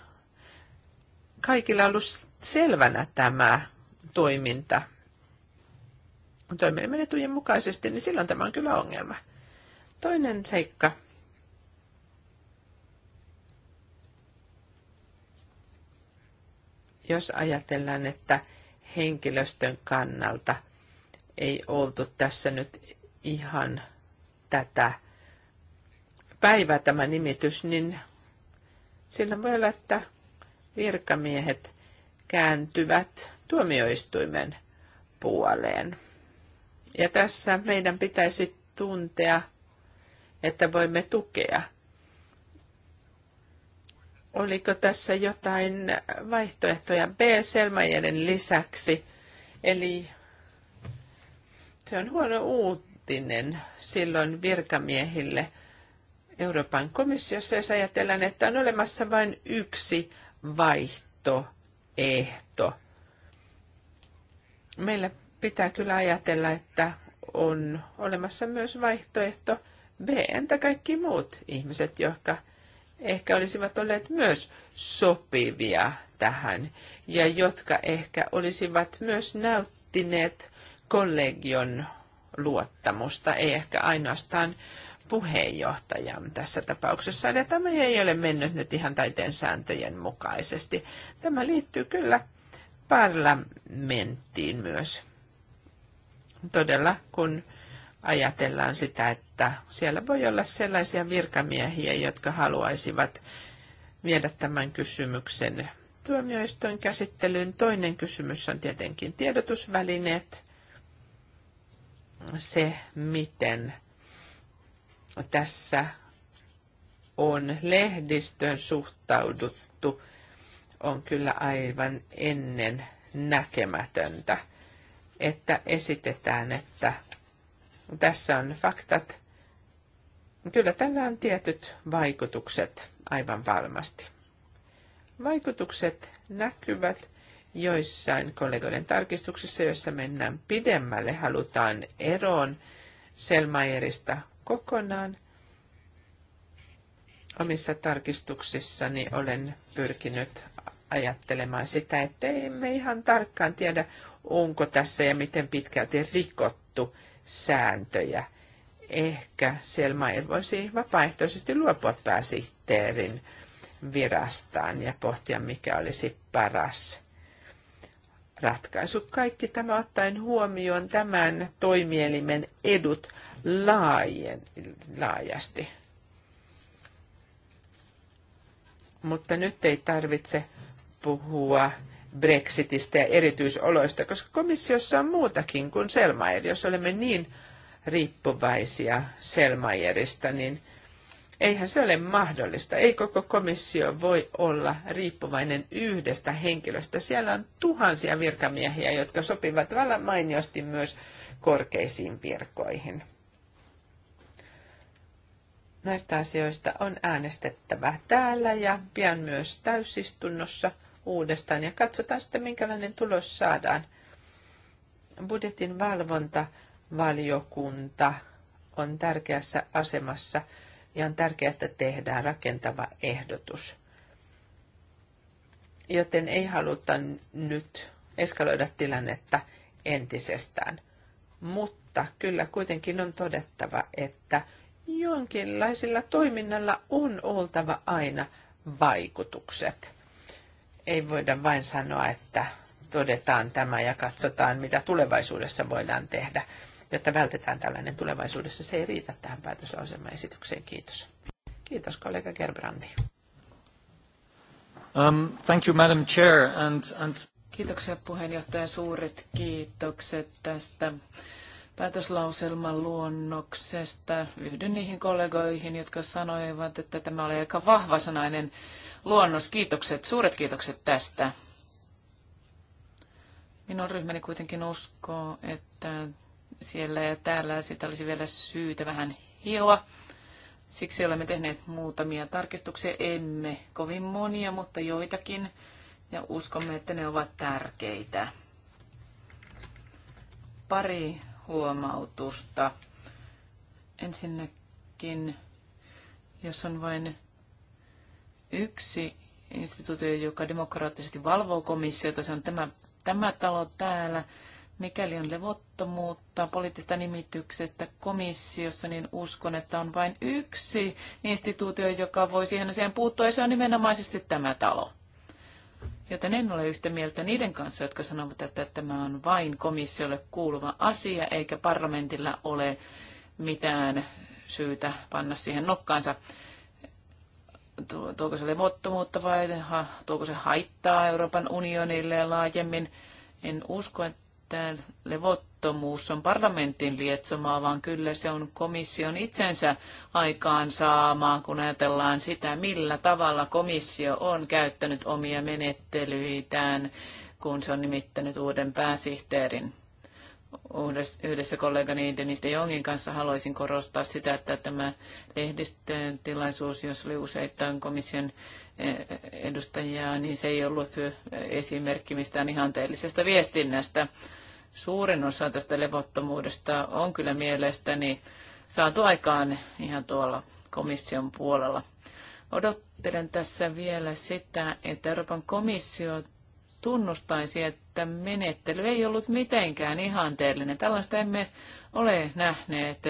kaikilla ollut selvänä tämä toiminta toiminnan menetujen mukaisesti, niin silloin tämä on kyllä ongelma. Toinen seikka. Jos ajatellaan, että henkilöstön kannalta ei oltu tässä nyt ihan tätä päivää tämä nimitys, niin sillä voi olla, että virkamiehet kääntyvät tuomioistuimen puoleen. Ja tässä meidän pitäisi tuntea, että voimme tukea – Oliko tässä jotain vaihtoehtoja B-selmäjäden lisäksi? Eli se on huono uutinen silloin virkamiehille Euroopan komissiossa, jos ajatellaan, että on olemassa vain yksi vaihtoehto. Meillä pitää kyllä ajatella, että on olemassa myös vaihtoehto B, entä kaikki muut ihmiset, jotka ehkä olisivat olleet myös sopivia tähän ja jotka ehkä olisivat myös näyttineet kollegion luottamusta, ei ehkä ainoastaan puheenjohtajan tässä tapauksessa. Ja tämä ei ole mennyt nyt ihan taiteen sääntöjen mukaisesti. Tämä liittyy kyllä parlamenttiin myös. Todella, kun ajatellaan sitä, että siellä voi olla sellaisia virkamiehiä, jotka haluaisivat viedä tämän kysymyksen tuomioistuin käsittelyyn. Toinen kysymys on tietenkin tiedotusvälineet, se miten tässä on lehdistön suhtauduttu, on kyllä aivan ennen näkemätöntä, että esitetään, että tässä on faktat. Kyllä tällä on tietyt vaikutukset aivan varmasti. Vaikutukset näkyvät joissain kollegoiden tarkistuksissa, joissa mennään pidemmälle, halutaan eroon Selmayerista kokonaan. Omissa tarkistuksissani olen pyrkinyt ajattelemaan sitä, että emme ihan tarkkaan tiedä, onko tässä ja miten pitkälti rikottu sääntöjä. Ehkä Selmair voisi vapaaehtoisesti luopua pääsihteerin virastaan ja pohtia, mikä olisi paras ratkaisu. Kaikki tämä ottaen huomioon tämän toimielimen edut laajen, laajasti. Mutta nyt ei tarvitse puhua Brexitistä ja erityisoloista, koska komissiossa on muutakin kuin Selmayr. Jos olemme niin riippuvaisia Selmaieristä, niin eihän se ole mahdollista. Ei koko komissio voi olla riippuvainen yhdestä henkilöstä. Siellä on tuhansia virkamiehiä, jotka sopivat vallan mainiosti myös korkeisiin virkoihin. Näistä asioista on äänestettävä täällä ja pian myös täysistunnossa – uudestaan ja katsotaan sitten, minkälainen tulos saadaan. Budjetin valvontavaliokunta on tärkeässä asemassa ja on tärkeää, että tehdään rakentava ehdotus. Joten ei haluta nyt eskaloida tilannetta entisestään. Mutta kyllä kuitenkin on todettava, että jonkinlaisilla toiminnalla on oltava aina vaikutukset. Ei voida vain sanoa, että todetaan tämä ja katsotaan, mitä tulevaisuudessa voidaan tehdä, jotta vältetään tällainen tulevaisuudessa. Se ei riitä tähän päätöslauselmaesitykseen. Kiitos. Kiitos kollega Gerbrandi. Um, thank you, Madam Chair, and, and... Kiitoksia puheenjohtaja. Suuret kiitokset tästä päätöslauselman luonnoksesta. Yhdyn niihin kollegoihin, jotka sanoivat, että tämä oli aika vahvasanainen luonnos. Kiitokset, suuret kiitokset tästä. Minun ryhmäni kuitenkin uskoo, että siellä ja täällä sitä olisi vielä syytä vähän hioa. Siksi olemme tehneet muutamia tarkistuksia, emme kovin monia, mutta joitakin, ja uskomme, että ne ovat tärkeitä. Pari huomautusta. Ensinnäkin, jos on vain yksi instituutio, joka demokraattisesti valvoo komissiota, se on tämä, tämä talo täällä. Mikäli on levottomuutta poliittista nimityksestä komissiossa, niin uskon, että on vain yksi instituutio, joka voi siihen asiaan puuttua, ja se on nimenomaisesti tämä talo. Joten en ole yhtä mieltä niiden kanssa, jotka sanovat, että tämä on vain komissiolle kuuluva asia, eikä parlamentilla ole mitään syytä panna siihen nokkaansa. Tuoko se levottomuutta vai tuoko se haittaa Euroopan unionille laajemmin? En usko, että että levottomuus on parlamentin lietsomaa, vaan kyllä se on komission itsensä aikaansaamaa, kun ajatellaan sitä, millä tavalla komissio on käyttänyt omia menettelyitään, kun se on nimittänyt uuden pääsihteerin. Yhdessä kollegani Denis de Jongin kanssa haluaisin korostaa sitä, että tämä lehdistön tilaisuus, jossa oli useittain komission edustajia, niin se ei ollut esimerkki mistään ihanteellisesta viestinnästä. Suurin osa tästä levottomuudesta on kyllä mielestäni saatu aikaan ihan tuolla komission puolella. Odottelen tässä vielä sitä, että Euroopan komissio tunnustaisi, että menettely ei ollut mitenkään ihanteellinen. Tällaista emme ole nähneet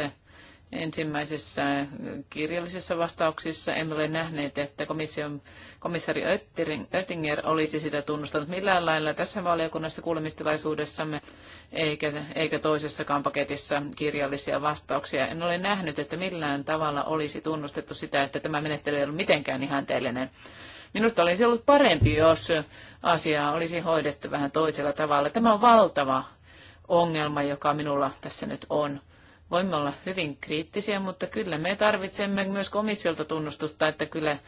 ensimmäisessä kirjallisessa vastauksissa emme ole nähneet, että komission, komissari Oettinger olisi sitä tunnustanut millään lailla tässä valiokunnassa kuulemistilaisuudessamme, eikä, eikä toisessakaan paketissa kirjallisia vastauksia. En ole nähnyt, että millään tavalla olisi tunnustettu sitä, että tämä menettely ei ollut mitenkään ihanteellinen. Minusta olisi ollut parempi, jos asiaa olisi hoidettu vähän toisella tavalla. Tämä on valtava ongelma, joka minulla tässä nyt on. Voimme olla hyvin kriittisiä, mutta kyllä me tarvitsemme myös komissiolta tunnustusta, että kyllä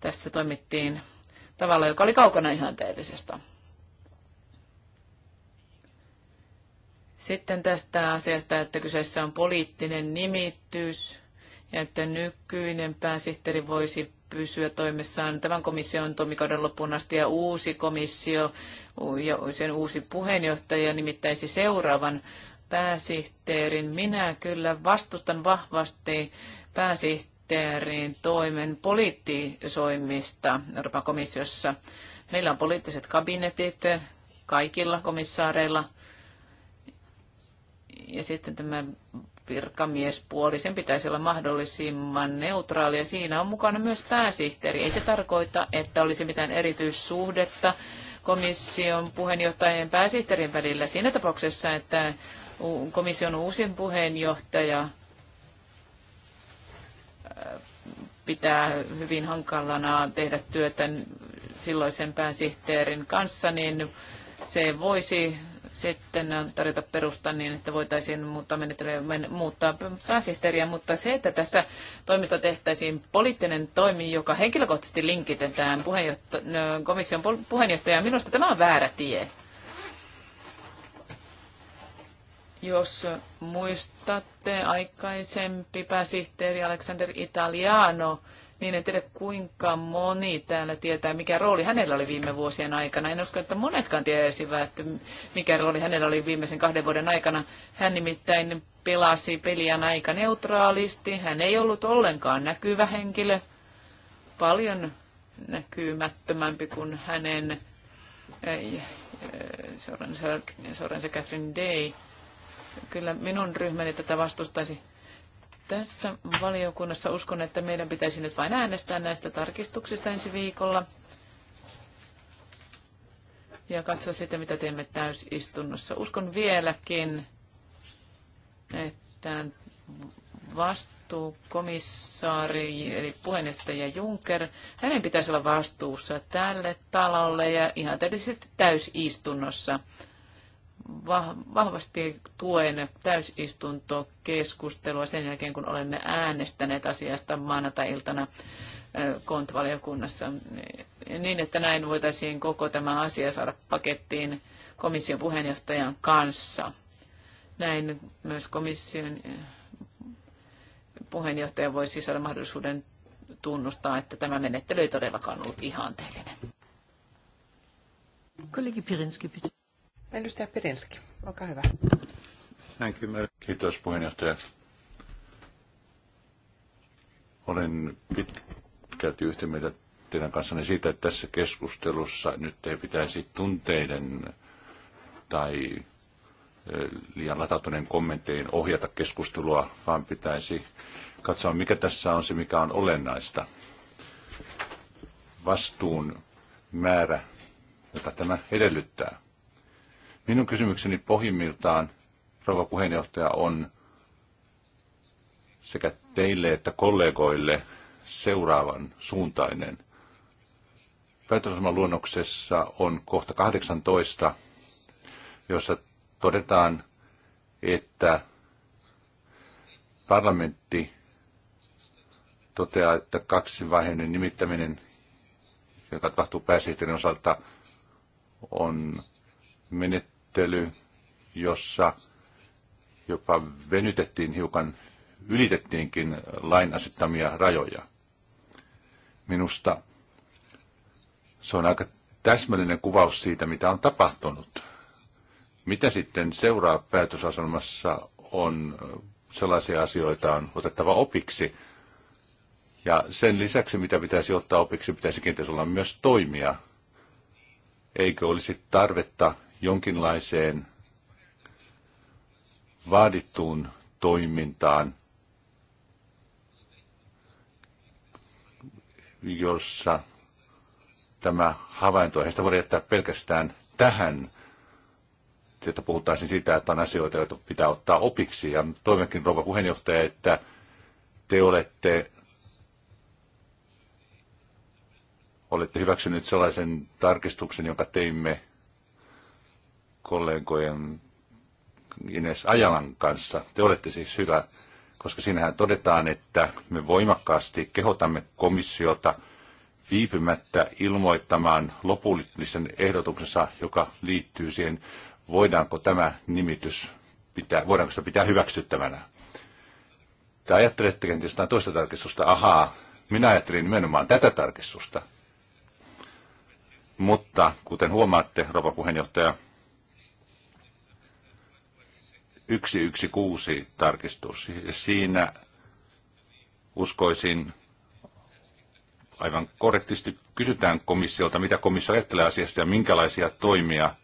tässä toimittiin tavalla, joka oli kaukana ihan teellisestä. Sitten tästä asiasta, että kyseessä on poliittinen nimitys ja että nykyinen pääsihteeri voisi pysyä toimessaan tämän komission toimikauden loppuun asti ja uusi komissio ja sen uusi puheenjohtaja nimittäisi seuraavan pääsihteerin. Minä kyllä vastustan vahvasti pääsihteerin toimen poliittisoimista Euroopan komissiossa. Meillä on poliittiset kabinetit kaikilla komissaareilla. Ja sitten tämä virkamiespuoli, sen pitäisi olla mahdollisimman neutraali ja siinä on mukana myös pääsihteeri. Ei se tarkoita, että olisi mitään erityissuhdetta komission puheenjohtajien pääsihteerin välillä siinä tapauksessa, että komission uusin puheenjohtaja pitää hyvin hankalana tehdä työtä silloisen pääsihteerin kanssa, niin se voisi sitten tarjota perusta niin, että voitaisiin muuttaa muuttaa pääsihteeriä, mutta se, että tästä toimista tehtäisiin poliittinen toimi, joka henkilökohtaisesti linkitetään komission puheenjohtajaan, minusta tämä on väärä tie. Jos muistatte, aikaisempi pääsihteeri Alexander Italiano, niin en tiedä kuinka moni täällä tietää, mikä rooli hänellä oli viime vuosien aikana. En usko, että monetkaan tiesivät, mikä rooli hänellä oli viimeisen kahden vuoden aikana. Hän nimittäin pelasi peliään aika neutraalisti. Hän ei ollut ollenkaan näkyvä henkilö. Paljon näkymättömämpi kuin hänen eh, Sorensa Catherine Day Kyllä minun ryhmäni tätä vastustaisi. Tässä valiokunnassa uskon, että meidän pitäisi nyt vain äänestää näistä tarkistuksista ensi viikolla ja katsoa sitä, mitä teemme täysistunnossa. Uskon vieläkin, että vastuukomissaari, eli puheenjohtaja Juncker, hänen pitäisi olla vastuussa tälle talolle ja ihan täysistunnossa vahvasti tuen täysistuntokeskustelua sen jälkeen, kun olemme äänestäneet asiasta maanantai-iltana kontvaliokunnassa niin, että näin voitaisiin koko tämä asia saada pakettiin komission puheenjohtajan kanssa. Näin myös komission puheenjohtaja voisi saada mahdollisuuden tunnustaa, että tämä menettely ei todellakaan ollut ihanteellinen. Kollegi Pirinski, pitää. Edustaja Pirinski, olkaa hyvä. Kiitos puheenjohtaja. Olen pitkälti yhtä mieltä teidän kanssanne siitä, että tässä keskustelussa nyt ei pitäisi tunteiden tai liian latautuneen kommentteihin ohjata keskustelua, vaan pitäisi katsoa, mikä tässä on se, mikä on olennaista. Vastuun määrä, jota tämä edellyttää. Minun kysymykseni pohjimmiltaan, rouva puheenjohtaja, on sekä teille että kollegoille seuraavan suuntainen. Päätösosaman luonnoksessa on kohta 18, jossa todetaan, että parlamentti toteaa, että kaksivaiheinen nimittäminen, joka tapahtuu pääsihteerin osalta, on menettely, jossa jopa venytettiin hiukan, ylitettiinkin lain asettamia rajoja. Minusta se on aika täsmällinen kuvaus siitä, mitä on tapahtunut. Mitä sitten seuraa päätösasemassa on sellaisia asioita on otettava opiksi. Ja sen lisäksi, mitä pitäisi ottaa opiksi, pitäisi kenties olla myös toimia. Eikö olisi tarvetta jonkinlaiseen vaadittuun toimintaan, jossa tämä havainto, eihän sitä voi jättää pelkästään tähän, että puhutaan siitä, että on asioita, joita pitää ottaa opiksi. Ja toivonkin, rouva puheenjohtaja, että te olette, olette hyväksynyt sellaisen tarkistuksen, jonka teimme kollegojen Ines Ajalan kanssa. Te olette siis hyvä, koska sinähän todetaan, että me voimakkaasti kehotamme komissiota viipymättä ilmoittamaan lopullisen ehdotuksensa, joka liittyy siihen, voidaanko tämä nimitys pitää, voidaanko sitä pitää hyväksyttävänä. Te ajattelette kenties jotain toista tarkistusta. Ahaa, minä ajattelin nimenomaan tätä tarkistusta. Mutta kuten huomaatte, rouva puheenjohtaja, 116 tarkistus. Siinä uskoisin aivan korrektisti kysytään komissiolta, mitä komissio ajattelee asiasta ja minkälaisia toimia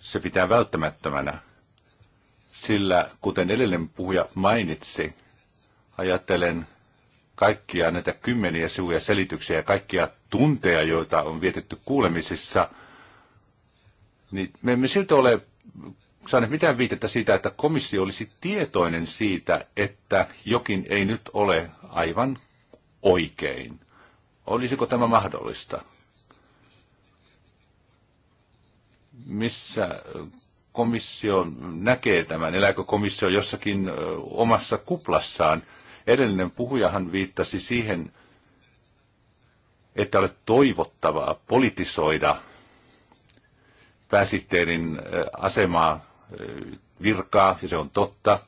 se pitää välttämättömänä. Sillä, kuten edellinen puhuja mainitsi, ajattelen kaikkia näitä kymmeniä sivuja selityksiä ja kaikkia tunteja, joita on vietetty kuulemisissa, niin me emme silti ole saaneet mitään viitettä siitä, että komissio olisi tietoinen siitä, että jokin ei nyt ole aivan oikein. Olisiko tämä mahdollista? Missä komissio näkee tämän? Elääkö komissio jossakin omassa kuplassaan? Edellinen puhujahan viittasi siihen, että ole toivottavaa politisoida pääsihteerin asemaa virkaa, ja se on totta.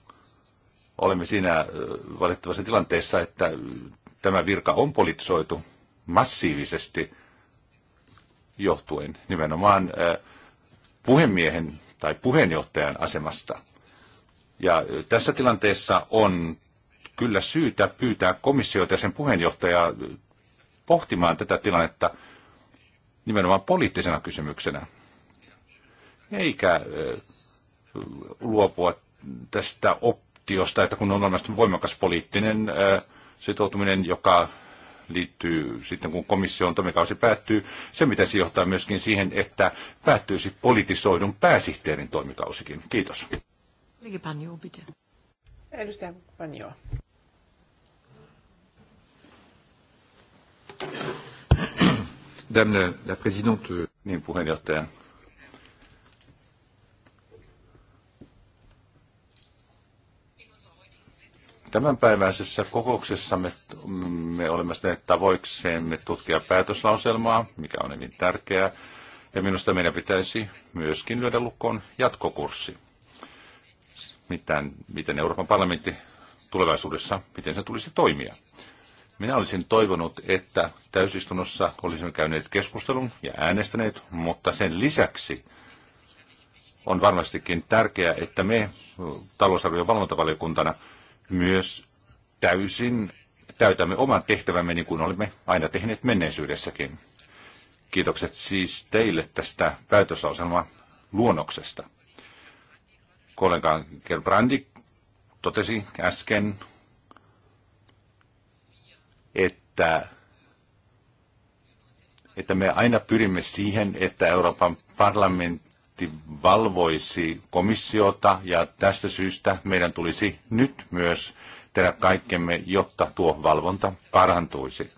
Olemme siinä valitettavassa tilanteessa, että tämä virka on politisoitu massiivisesti johtuen nimenomaan puhemiehen tai puheenjohtajan asemasta. Ja tässä tilanteessa on kyllä syytä pyytää komissiota ja sen puheenjohtajaa pohtimaan tätä tilannetta nimenomaan poliittisena kysymyksenä, eikä luopua tästä optiosta, että kun on olemassa voimakas poliittinen äh, sitoutuminen, joka liittyy sitten, kun komission toimikausi päättyy, se se johtaa myöskin siihen, että päättyisi politisoidun pääsihteerin toimikausikin. Kiitos. Edustaja Panjo. Madame la, la présidente. Niin, puheenjohtaja. Tämänpäiväisessä kokouksessa me olemme tehneet tavoikseemme tutkia päätöslauselmaa, mikä on hyvin tärkeää, ja minusta meidän pitäisi myöskin lyödä lukkoon jatkokurssi. Miten, miten Euroopan parlamentti tulevaisuudessa, miten se tulisi toimia. Minä olisin toivonut, että täysistunnossa olisimme käyneet keskustelun ja äänestäneet, mutta sen lisäksi on varmastikin tärkeää, että me talousarvion valvontavaliokuntana myös täysin täytämme oman tehtävämme niin kuin olemme aina tehneet menneisyydessäkin. Kiitokset siis teille tästä päätöslauselma luonnoksesta. Kollega Gerbrandi totesi äsken, että, että me aina pyrimme siihen, että Euroopan parlamentti parlamentti valvoisi komissiota ja tästä syystä meidän tulisi nyt myös tehdä kaikkemme, jotta tuo valvonta parantuisi.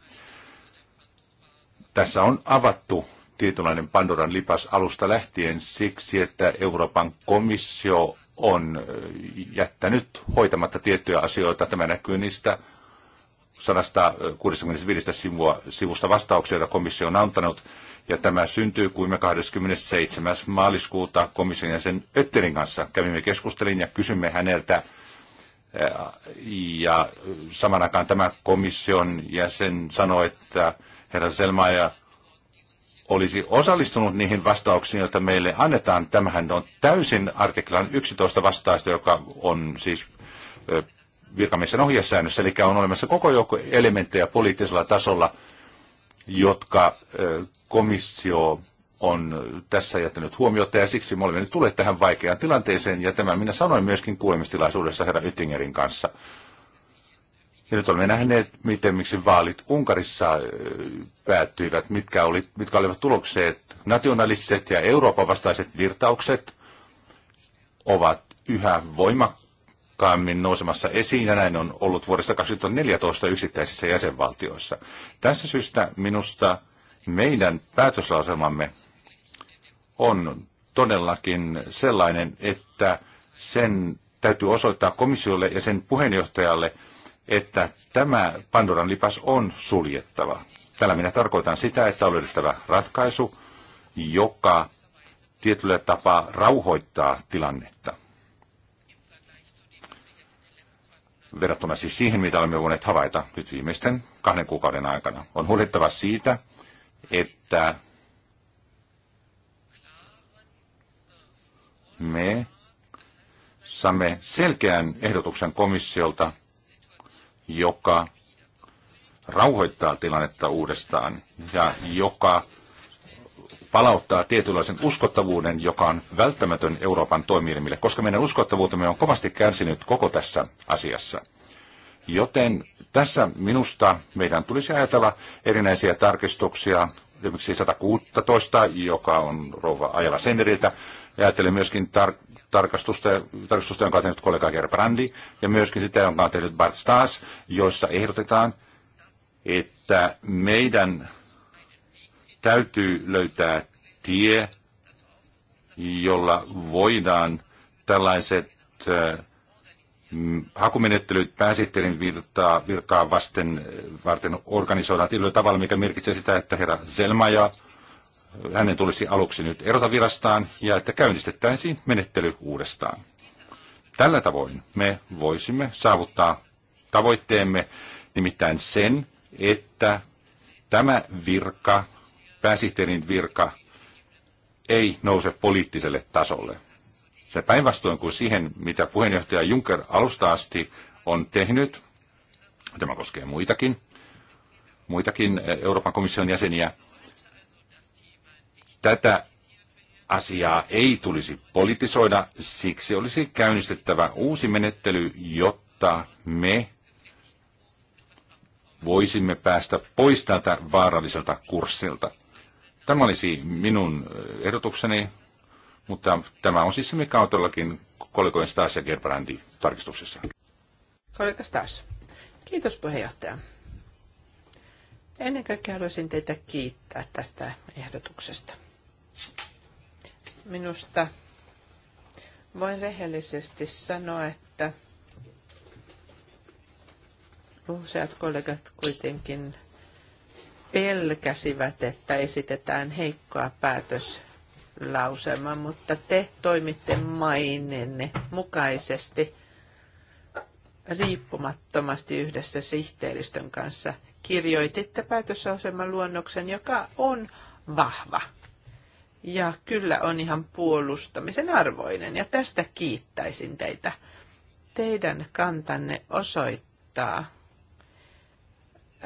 Tässä on avattu tietynlainen Pandoran lipas alusta lähtien siksi, että Euroopan komissio on jättänyt hoitamatta tiettyjä asioita. Tämä näkyy niistä 165 sivua, sivusta vastauksia, joita komissio on antanut, ja tämä syntyy me 27. maaliskuuta komission jäsen Ötterin kanssa. Kävimme keskustelin ja kysymme häneltä, ja saman aikaan tämä komission jäsen sanoi, että herra Selmaja olisi osallistunut niihin vastauksiin, joita meille annetaan. Tämähän on täysin artiklan 11 vastaista, joka on siis virkamiesten ohjesäännössä, eli on olemassa koko joukko elementtejä poliittisella tasolla, jotka komissio on tässä jättänyt huomiota ja siksi me olemme nyt tulleet tähän vaikeaan tilanteeseen ja tämä minä sanoin myöskin kuulemistilaisuudessa herra Yttingerin kanssa. Ja nyt olemme nähneet, miten miksi vaalit Unkarissa päättyivät, mitkä, oli, mitkä olivat tulokset. Nationalistiset ja Euroopan vastaiset virtaukset ovat yhä voimakkaat voimakkaammin nousemassa esiin, ja näin on ollut vuodesta 2014 yksittäisissä jäsenvaltioissa. Tässä syystä minusta meidän päätöslauselmamme on todellakin sellainen, että sen täytyy osoittaa komissiolle ja sen puheenjohtajalle, että tämä Pandoran lipas on suljettava. Tällä minä tarkoitan sitä, että on löydettävä ratkaisu, joka tietyllä tapaa rauhoittaa tilannetta. verrattuna siis siihen, mitä olemme voineet havaita nyt viimeisten kahden kuukauden aikana. On huolettava siitä, että me saamme selkeän ehdotuksen komissiolta, joka rauhoittaa tilannetta uudestaan ja joka palauttaa tietynlaisen uskottavuuden, joka on välttämätön Euroopan toimielimille, koska meidän uskottavuutemme on kovasti kärsinyt koko tässä asiassa. Joten tässä minusta meidän tulisi ajatella erinäisiä tarkistuksia, esimerkiksi 116, joka on rouva Ajala Senneriltä. ja ajattelen myöskin tar- tarkastusta, tarkastusta, jonka on tehnyt kollega Gerbrandi, ja myöskin sitä, jonka on tehnyt Bart Stas, joissa ehdotetaan, että meidän Täytyy löytää tie, jolla voidaan tällaiset äh, hakumenettelyt pääsihteerin virtaa, virkaa vasten, äh, varten organisoidaan tietyllä tavalla, mikä merkitsee sitä, että herra Zelmaja, äh, hänen tulisi aluksi nyt erota virastaan ja että käynnistettäisiin menettely uudestaan. Tällä tavoin me voisimme saavuttaa tavoitteemme, nimittäin sen, että tämä virka pääsihteerin virka ei nouse poliittiselle tasolle. Se päinvastoin kuin siihen, mitä puheenjohtaja Juncker alusta asti on tehnyt, tämä koskee muitakin, muitakin eh, Euroopan komission jäseniä, tätä asiaa ei tulisi politisoida, siksi olisi käynnistettävä uusi menettely, jotta me voisimme päästä pois tältä vaaralliselta kurssilta. Tämä olisi minun äh, ehdotukseni, mutta tämä on siis se, mikä on todellakin kollegojen Stas ja Gerbrandi tarkistuksessa. Kollega Stas. Kiitos puheenjohtaja. Ennen kaikkea haluaisin teitä kiittää tästä ehdotuksesta. Minusta voin rehellisesti sanoa, että useat kollegat kuitenkin pelkäsivät, että esitetään heikkoa päätöslauselmaa, mutta te toimitte mainenne mukaisesti riippumattomasti yhdessä sihteeristön kanssa. Kirjoititte päätöslauselman luonnoksen, joka on vahva ja kyllä on ihan puolustamisen arvoinen ja tästä kiittäisin teitä. Teidän kantanne osoittaa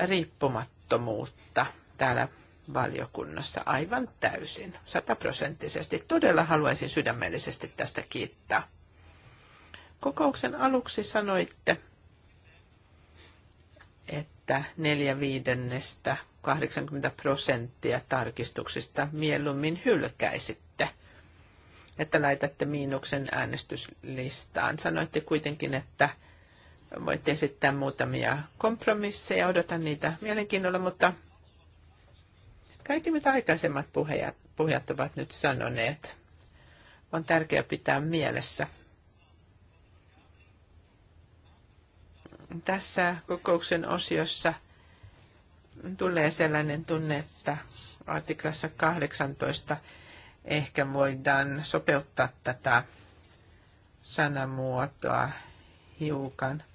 riippumattomasti halukkuuttomuutta täällä valiokunnassa aivan täysin, sataprosenttisesti. Todella haluaisin sydämellisesti tästä kiittää. Kokouksen aluksi sanoitte, että neljä viidennestä 80 prosenttia tarkistuksista mieluummin hylkäisitte, että laitatte miinuksen äänestyslistaan. Sanoitte kuitenkin, että Voitte esittää muutamia kompromisseja, odotan niitä mielenkiinnolla, mutta kaikki mitä aikaisemmat puhejat, puhujat ovat nyt sanoneet, on tärkeää pitää mielessä. Tässä kokouksen osiossa tulee sellainen tunne, että artiklassa 18 ehkä voidaan sopeuttaa tätä sanamuotoa hiukan –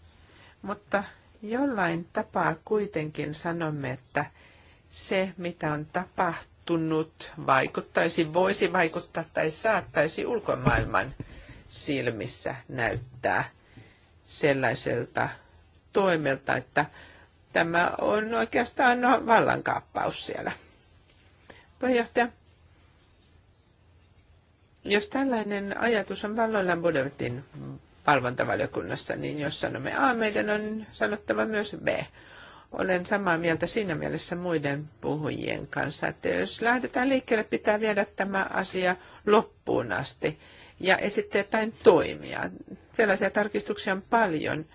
mutta jollain tapaa kuitenkin sanomme, että se, mitä on tapahtunut, vaikuttaisi, voisi vaikuttaa tai saattaisi ulkomaailman silmissä näyttää sellaiselta toimelta, että tämä on oikeastaan no, vallankaappaus siellä. Puheenjohtaja, jos tällainen ajatus on valloillaan Budapetin valvontavaliokunnassa, niin jos sanomme A, meidän on sanottava myös B. Olen samaa mieltä siinä mielessä muiden puhujien kanssa, että jos lähdetään liikkeelle, pitää viedä tämä asia loppuun asti ja esittää jotain toimia. Sellaisia tarkistuksia on paljon,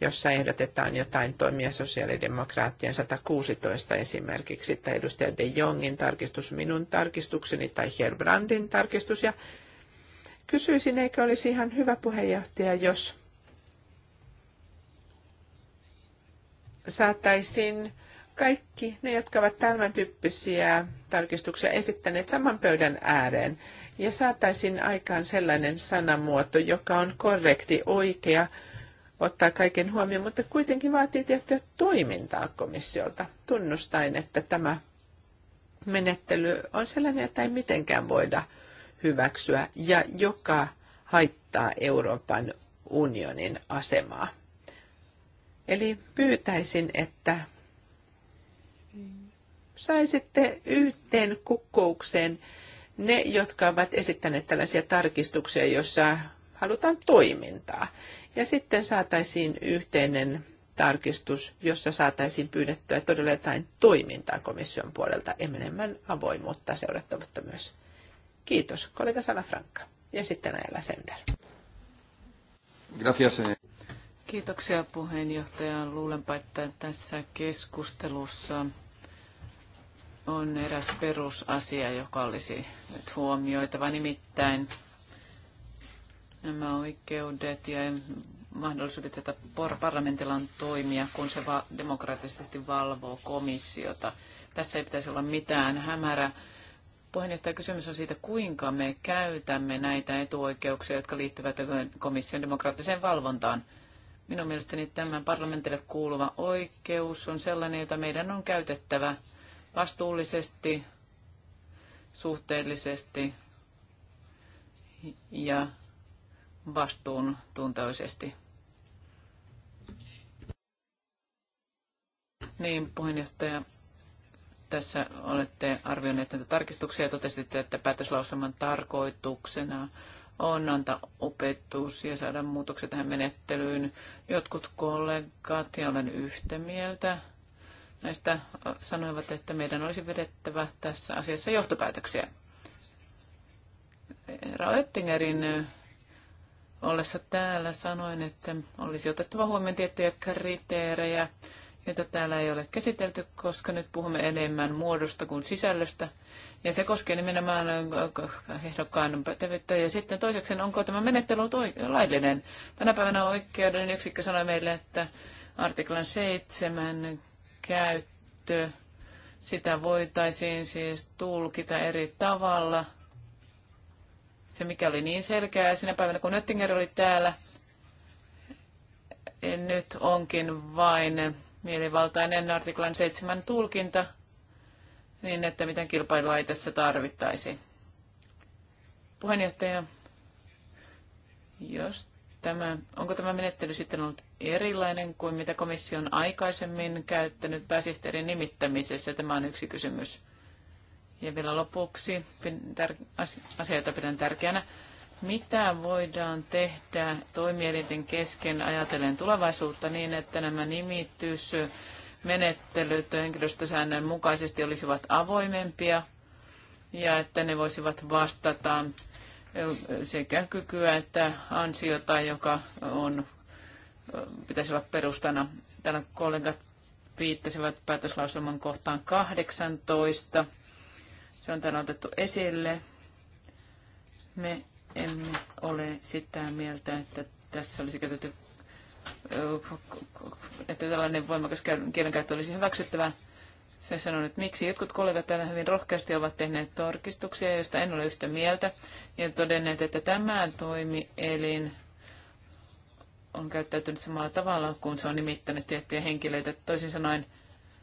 jossa ehdotetaan jotain toimia sosiaalidemokraattien 116 esimerkiksi, tai edustaja De Jongin tarkistus, minun tarkistukseni tai Herbrandin tarkistus, ja Kysyisin, eikö olisi ihan hyvä puheenjohtaja, jos saataisiin kaikki ne, jotka ovat tämän tyyppisiä tarkistuksia esittäneet saman pöydän ääreen, ja saataisiin aikaan sellainen sanamuoto, joka on korrekti, oikea, ottaa kaiken huomioon, mutta kuitenkin vaatii tiettyä toimintaa komissiolta, tunnustain, että tämä menettely on sellainen, että ei mitenkään voida – hyväksyä ja joka haittaa Euroopan unionin asemaa. Eli pyytäisin, että saisitte yhteen kokoukseen ne, jotka ovat esittäneet tällaisia tarkistuksia, joissa halutaan toimintaa. Ja sitten saataisiin yhteinen tarkistus, jossa saataisiin pyydettyä todella jotain toimintaa komission puolelta, enemmän avoimuutta seurattavuutta myös. Kiitos, kollega Salafranca. Ja sitten Ajala Sender. Gracias. Eh. Kiitoksia puheenjohtaja. Luulenpa, että tässä keskustelussa on eräs perusasia, joka olisi nyt huomioitava, nimittäin nämä oikeudet ja mahdollisuudet, joita parlamentilla on toimia, kun se demokraattisesti valvoo komissiota. Tässä ei pitäisi olla mitään hämärää. Puheenjohtaja, kysymys on siitä, kuinka me käytämme näitä etuoikeuksia, jotka liittyvät komission demokraattiseen valvontaan. Minun mielestäni tämän parlamentille kuuluva oikeus on sellainen, jota meidän on käytettävä vastuullisesti, suhteellisesti ja vastuun tuntoisesti. Niin, puheenjohtaja, tässä olette arvioineet näitä tarkistuksia ja totesitte, että päätöslauselman tarkoituksena on antaa opetus ja saada muutoksia tähän menettelyyn. Jotkut kollegat, ja olen yhtä mieltä, näistä sanoivat, että meidän olisi vedettävä tässä asiassa johtopäätöksiä. Oettingerin ollessa täällä sanoin, että olisi otettava huomioon tiettyjä kriteerejä jota täällä ei ole käsitelty, koska nyt puhumme enemmän muodosta kuin sisällöstä. Ja se koskee nimenomaan äh, ehdokkaan pätevyyttä. Ja sitten toiseksi, onko tämä menettely laillinen? Tänä päivänä oikeuden yksikkö sanoi meille, että artiklan 7 käyttö, sitä voitaisiin siis tulkita eri tavalla. Se, mikä oli niin selkeää sinä päivänä, kun Nöttinger oli täällä, nyt onkin vain mielivaltainen artiklan 7 tulkinta niin, että miten kilpailua ei tässä tarvittaisi. Puheenjohtaja, jos tämä, onko tämä menettely sitten ollut erilainen kuin mitä komissio on aikaisemmin käyttänyt pääsihteerin nimittämisessä? Tämä on yksi kysymys. Ja vielä lopuksi asioita pidän tärkeänä. Mitä voidaan tehdä toimielinten kesken ajatellen tulevaisuutta niin, että nämä nimitysmenettelyt henkilöstösäännön mukaisesti olisivat avoimempia ja että ne voisivat vastata sekä kykyä että ansiota, joka on, pitäisi olla perustana. Täällä kollegat viittasivat päätöslauselman kohtaan 18. Se on täällä otettu esille. Me en ole sitä mieltä, että tässä olisi käytetty, että tällainen voimakas kielenkäyttö olisi hyväksyttävää. Se sanoi, että miksi jotkut kollegat täällä hyvin rohkeasti ovat tehneet tarkistuksia, joista en ole yhtä mieltä, ja todenneet, että tämä toimielin on käyttäytynyt samalla tavalla, kun se on nimittänyt tiettyjä henkilöitä. Toisin sanoen,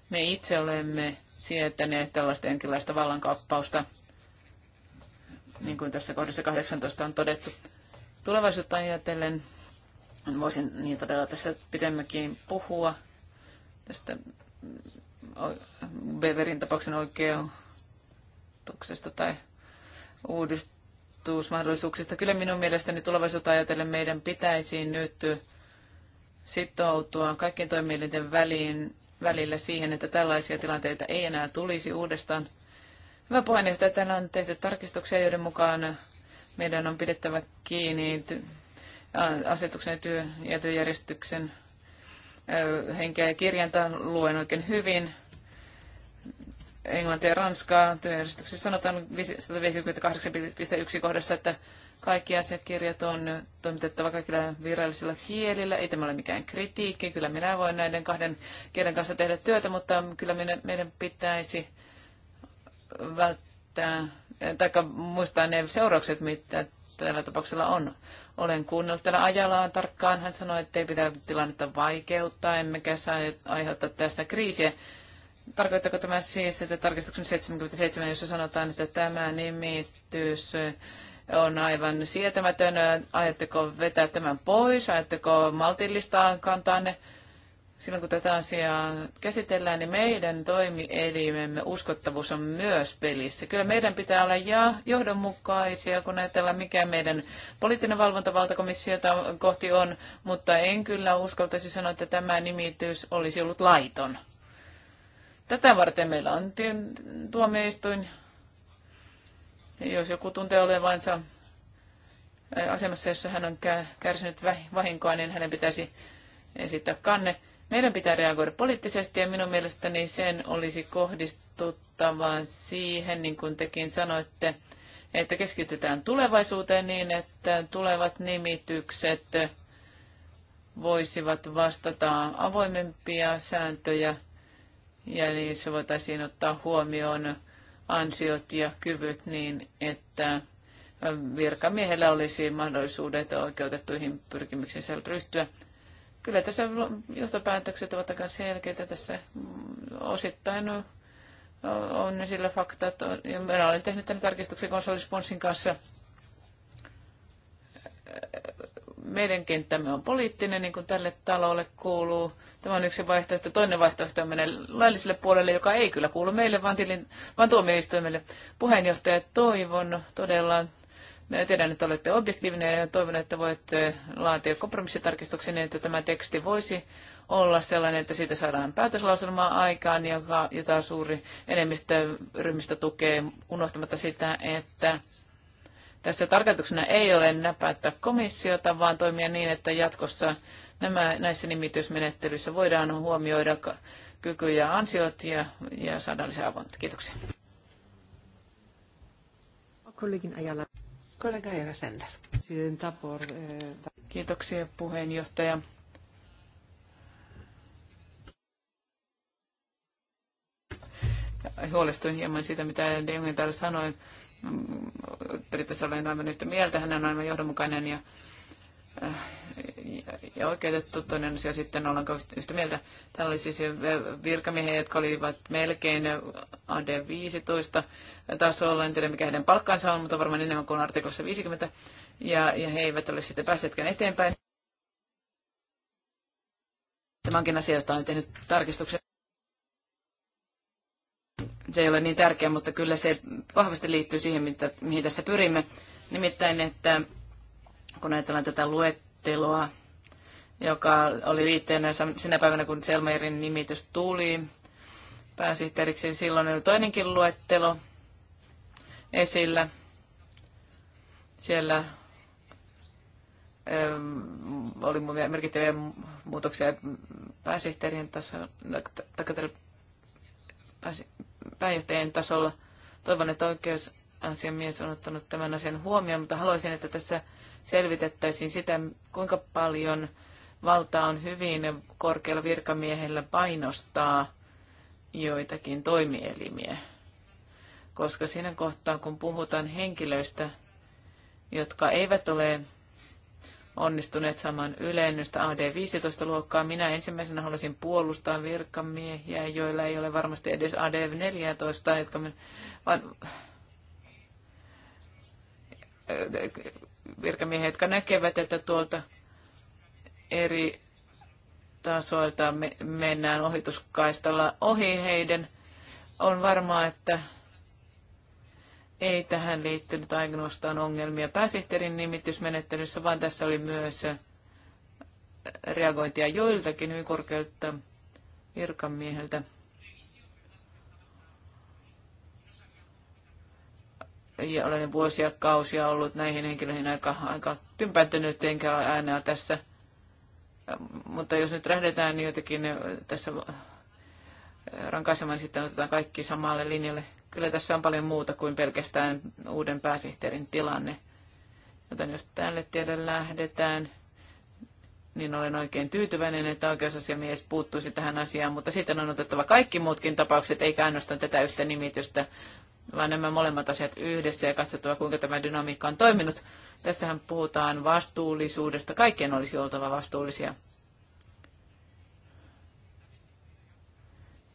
me itse olemme sietäneet tällaista jonkinlaista vallankaappausta niin kuin tässä kohdassa 18 on todettu. Tulevaisuutta ajatellen voisin niin todella tässä pidemmäkin puhua tästä mm, Beverin tapauksen oikeutuksesta tai uudistusmahdollisuuksista. Kyllä minun mielestäni tulevaisuutta ajatellen meidän pitäisi nyt sitoutua kaikkien toimielinten väliin, välillä siihen, että tällaisia tilanteita ei enää tulisi uudestaan – Hyvä puheenjohtaja, täällä on tehty tarkistuksia, joiden mukaan meidän on pidettävä kiinni asetuksen ja, työ- ja työjärjestyksen henkeä ja kirjantaa. luen oikein hyvin. Englantia ja Ranskaa työjärjestyksessä sanotaan 158.1 kohdassa, että kaikki asiakirjat on toimitettava kaikilla virallisilla kielillä. Ei tämä ole mikään kritiikki, kyllä minä voin näiden kahden kielen kanssa tehdä työtä, mutta kyllä meidän pitäisi välttää tai muistaa ne seuraukset, mitä tällä tapauksella on. Olen kuunnellut tällä ajallaan tarkkaan. Hän sanoi, että ei pitää tilannetta vaikeuttaa, emmekä saa aiheuttaa tästä kriisiä. Tarkoittaako tämä siis, että tarkistuksen 77, jossa sanotaan, että tämä nimitys on aivan sietämätön. ajatteko vetää tämän pois? ajatteko maltillistaa kantaanne? silloin kun tätä asiaa käsitellään, niin meidän toimielimemme uskottavuus on myös pelissä. Kyllä meidän pitää olla ja johdonmukaisia, kun ajatellaan, mikä meidän poliittinen valvontavaltakomissio kohti on, mutta en kyllä uskaltaisi sanoa, että tämä nimitys olisi ollut laiton. Tätä varten meillä on tuomioistuin, jos joku tuntee olevansa asemassa, jossa hän on kärsinyt vahinkoa, niin hänen pitäisi esittää kanne. Meidän pitää reagoida poliittisesti ja minun mielestäni sen olisi kohdistuttava siihen, niin kuin tekin sanoitte, että keskitytään tulevaisuuteen niin, että tulevat nimitykset voisivat vastata avoimempia sääntöjä ja niissä voitaisiin ottaa huomioon ansiot ja kyvyt niin, että virkamiehellä olisi mahdollisuudet oikeutettuihin pyrkimyksiin ryhtyä. Kyllä tässä johtopäätökset ovat aika selkeitä tässä osittain on ne sillä fakta, että minä olen tehnyt tämän tarkistuksen konsolisponssin kanssa. Meidän kenttämme on poliittinen, niin kuin tälle talolle kuuluu. Tämä on yksi vaihtoehto. Toinen vaihtoehto on mennä lailliselle puolelle, joka ei kyllä kuulu meille, vaan, tilin, vaan tuomioistuimelle. Puheenjohtaja, toivon todella Tiedän, että olette objektiivinen ja toivon, että voit eh, laatia kompromissitarkistuksen niin, että tämä teksti voisi olla sellainen, että siitä saadaan päätöslauselmaa aikaan, joka, jota suuri enemmistö ryhmistä tukee, unohtamatta sitä, että tässä tarkoituksena ei ole näpäyttää komissiota, vaan toimia niin, että jatkossa nämä, näissä nimitysmenettelyissä voidaan huomioida kyky ja ansiot ja, ja saada lisää avointa. Kiitoksia. Kollegin Ajala. Kollega Eeva Sender. Kiitoksia puheenjohtaja. Huolestuin hieman siitä, mitä Deungin täällä sanoi. Periaatteessa olen aivan yhtä mieltä. Hän on aivan johdonmukainen ja Äh, ja oikeutettu toinen asia sitten, ollaanko yhtä mieltä. Täällä oli siis äh, virkamiehiä, jotka olivat melkein AD15 tasolla, en tiedä mikä heidän palkkaansa on, mutta varmaan enemmän kuin artiklassa 50, ja, ja he eivät ole sitten päässeetkään eteenpäin. Tämänkin asiasta olen tehnyt tarkistuksen. Se ei ole niin tärkeä, mutta kyllä se vahvasti liittyy siihen, mitä, mihin tässä pyrimme. Nimittäin, että kun ajatellaan tätä luetteloa, joka oli liitteenä sinä päivänä, kun Selmeirin nimitys tuli pääsihteeriksi. Silloin oli toinenkin luettelo esillä. Siellä ähm, oli merkittäviä muutoksia pääsihteerien tasolla, pääjohtajien tasolla. Toivon, että oikeusasiamies on ottanut tämän asian huomioon, mutta haluaisin, että tässä selvitettäisiin sitä, kuinka paljon valtaa on hyvin korkealla virkamiehellä painostaa joitakin toimielimiä. Koska siinä kohtaa, kun puhutaan henkilöistä, jotka eivät ole onnistuneet saamaan ylennystä AD15-luokkaa. Minä ensimmäisenä haluaisin puolustaa virkamiehiä, joilla ei ole varmasti edes AD14, jotka... Vaan, virkamiehiä, jotka näkevät, että tuolta eri tasoilta me, mennään ohituskaistalla ohi heidän. On varmaa, että ei tähän liittynyt ainoastaan ongelmia pääsihteerin nimitysmenettelyssä, vaan tässä oli myös reagointia joiltakin hyvin korkeilta virkamieheltä. ja olen vuosia kausia ollut näihin henkilöihin aika, aika tympääntynyt, enkä ole tässä. Mutta jos nyt lähdetään niin jotenkin tässä rankaisemaan, niin sitten otetaan kaikki samalle linjalle. Kyllä tässä on paljon muuta kuin pelkästään uuden pääsihteerin tilanne. Joten jos tälle tielle lähdetään, niin olen oikein tyytyväinen, että oikeusasiamies puuttuisi tähän asiaan, mutta sitten on otettava kaikki muutkin tapaukset, eikä ainoastaan tätä yhtä nimitystä, vaan nämä molemmat asiat yhdessä ja katsottava, kuinka tämä dynamiikka on toiminut. Tässähän puhutaan vastuullisuudesta. Kaikkien olisi oltava vastuullisia.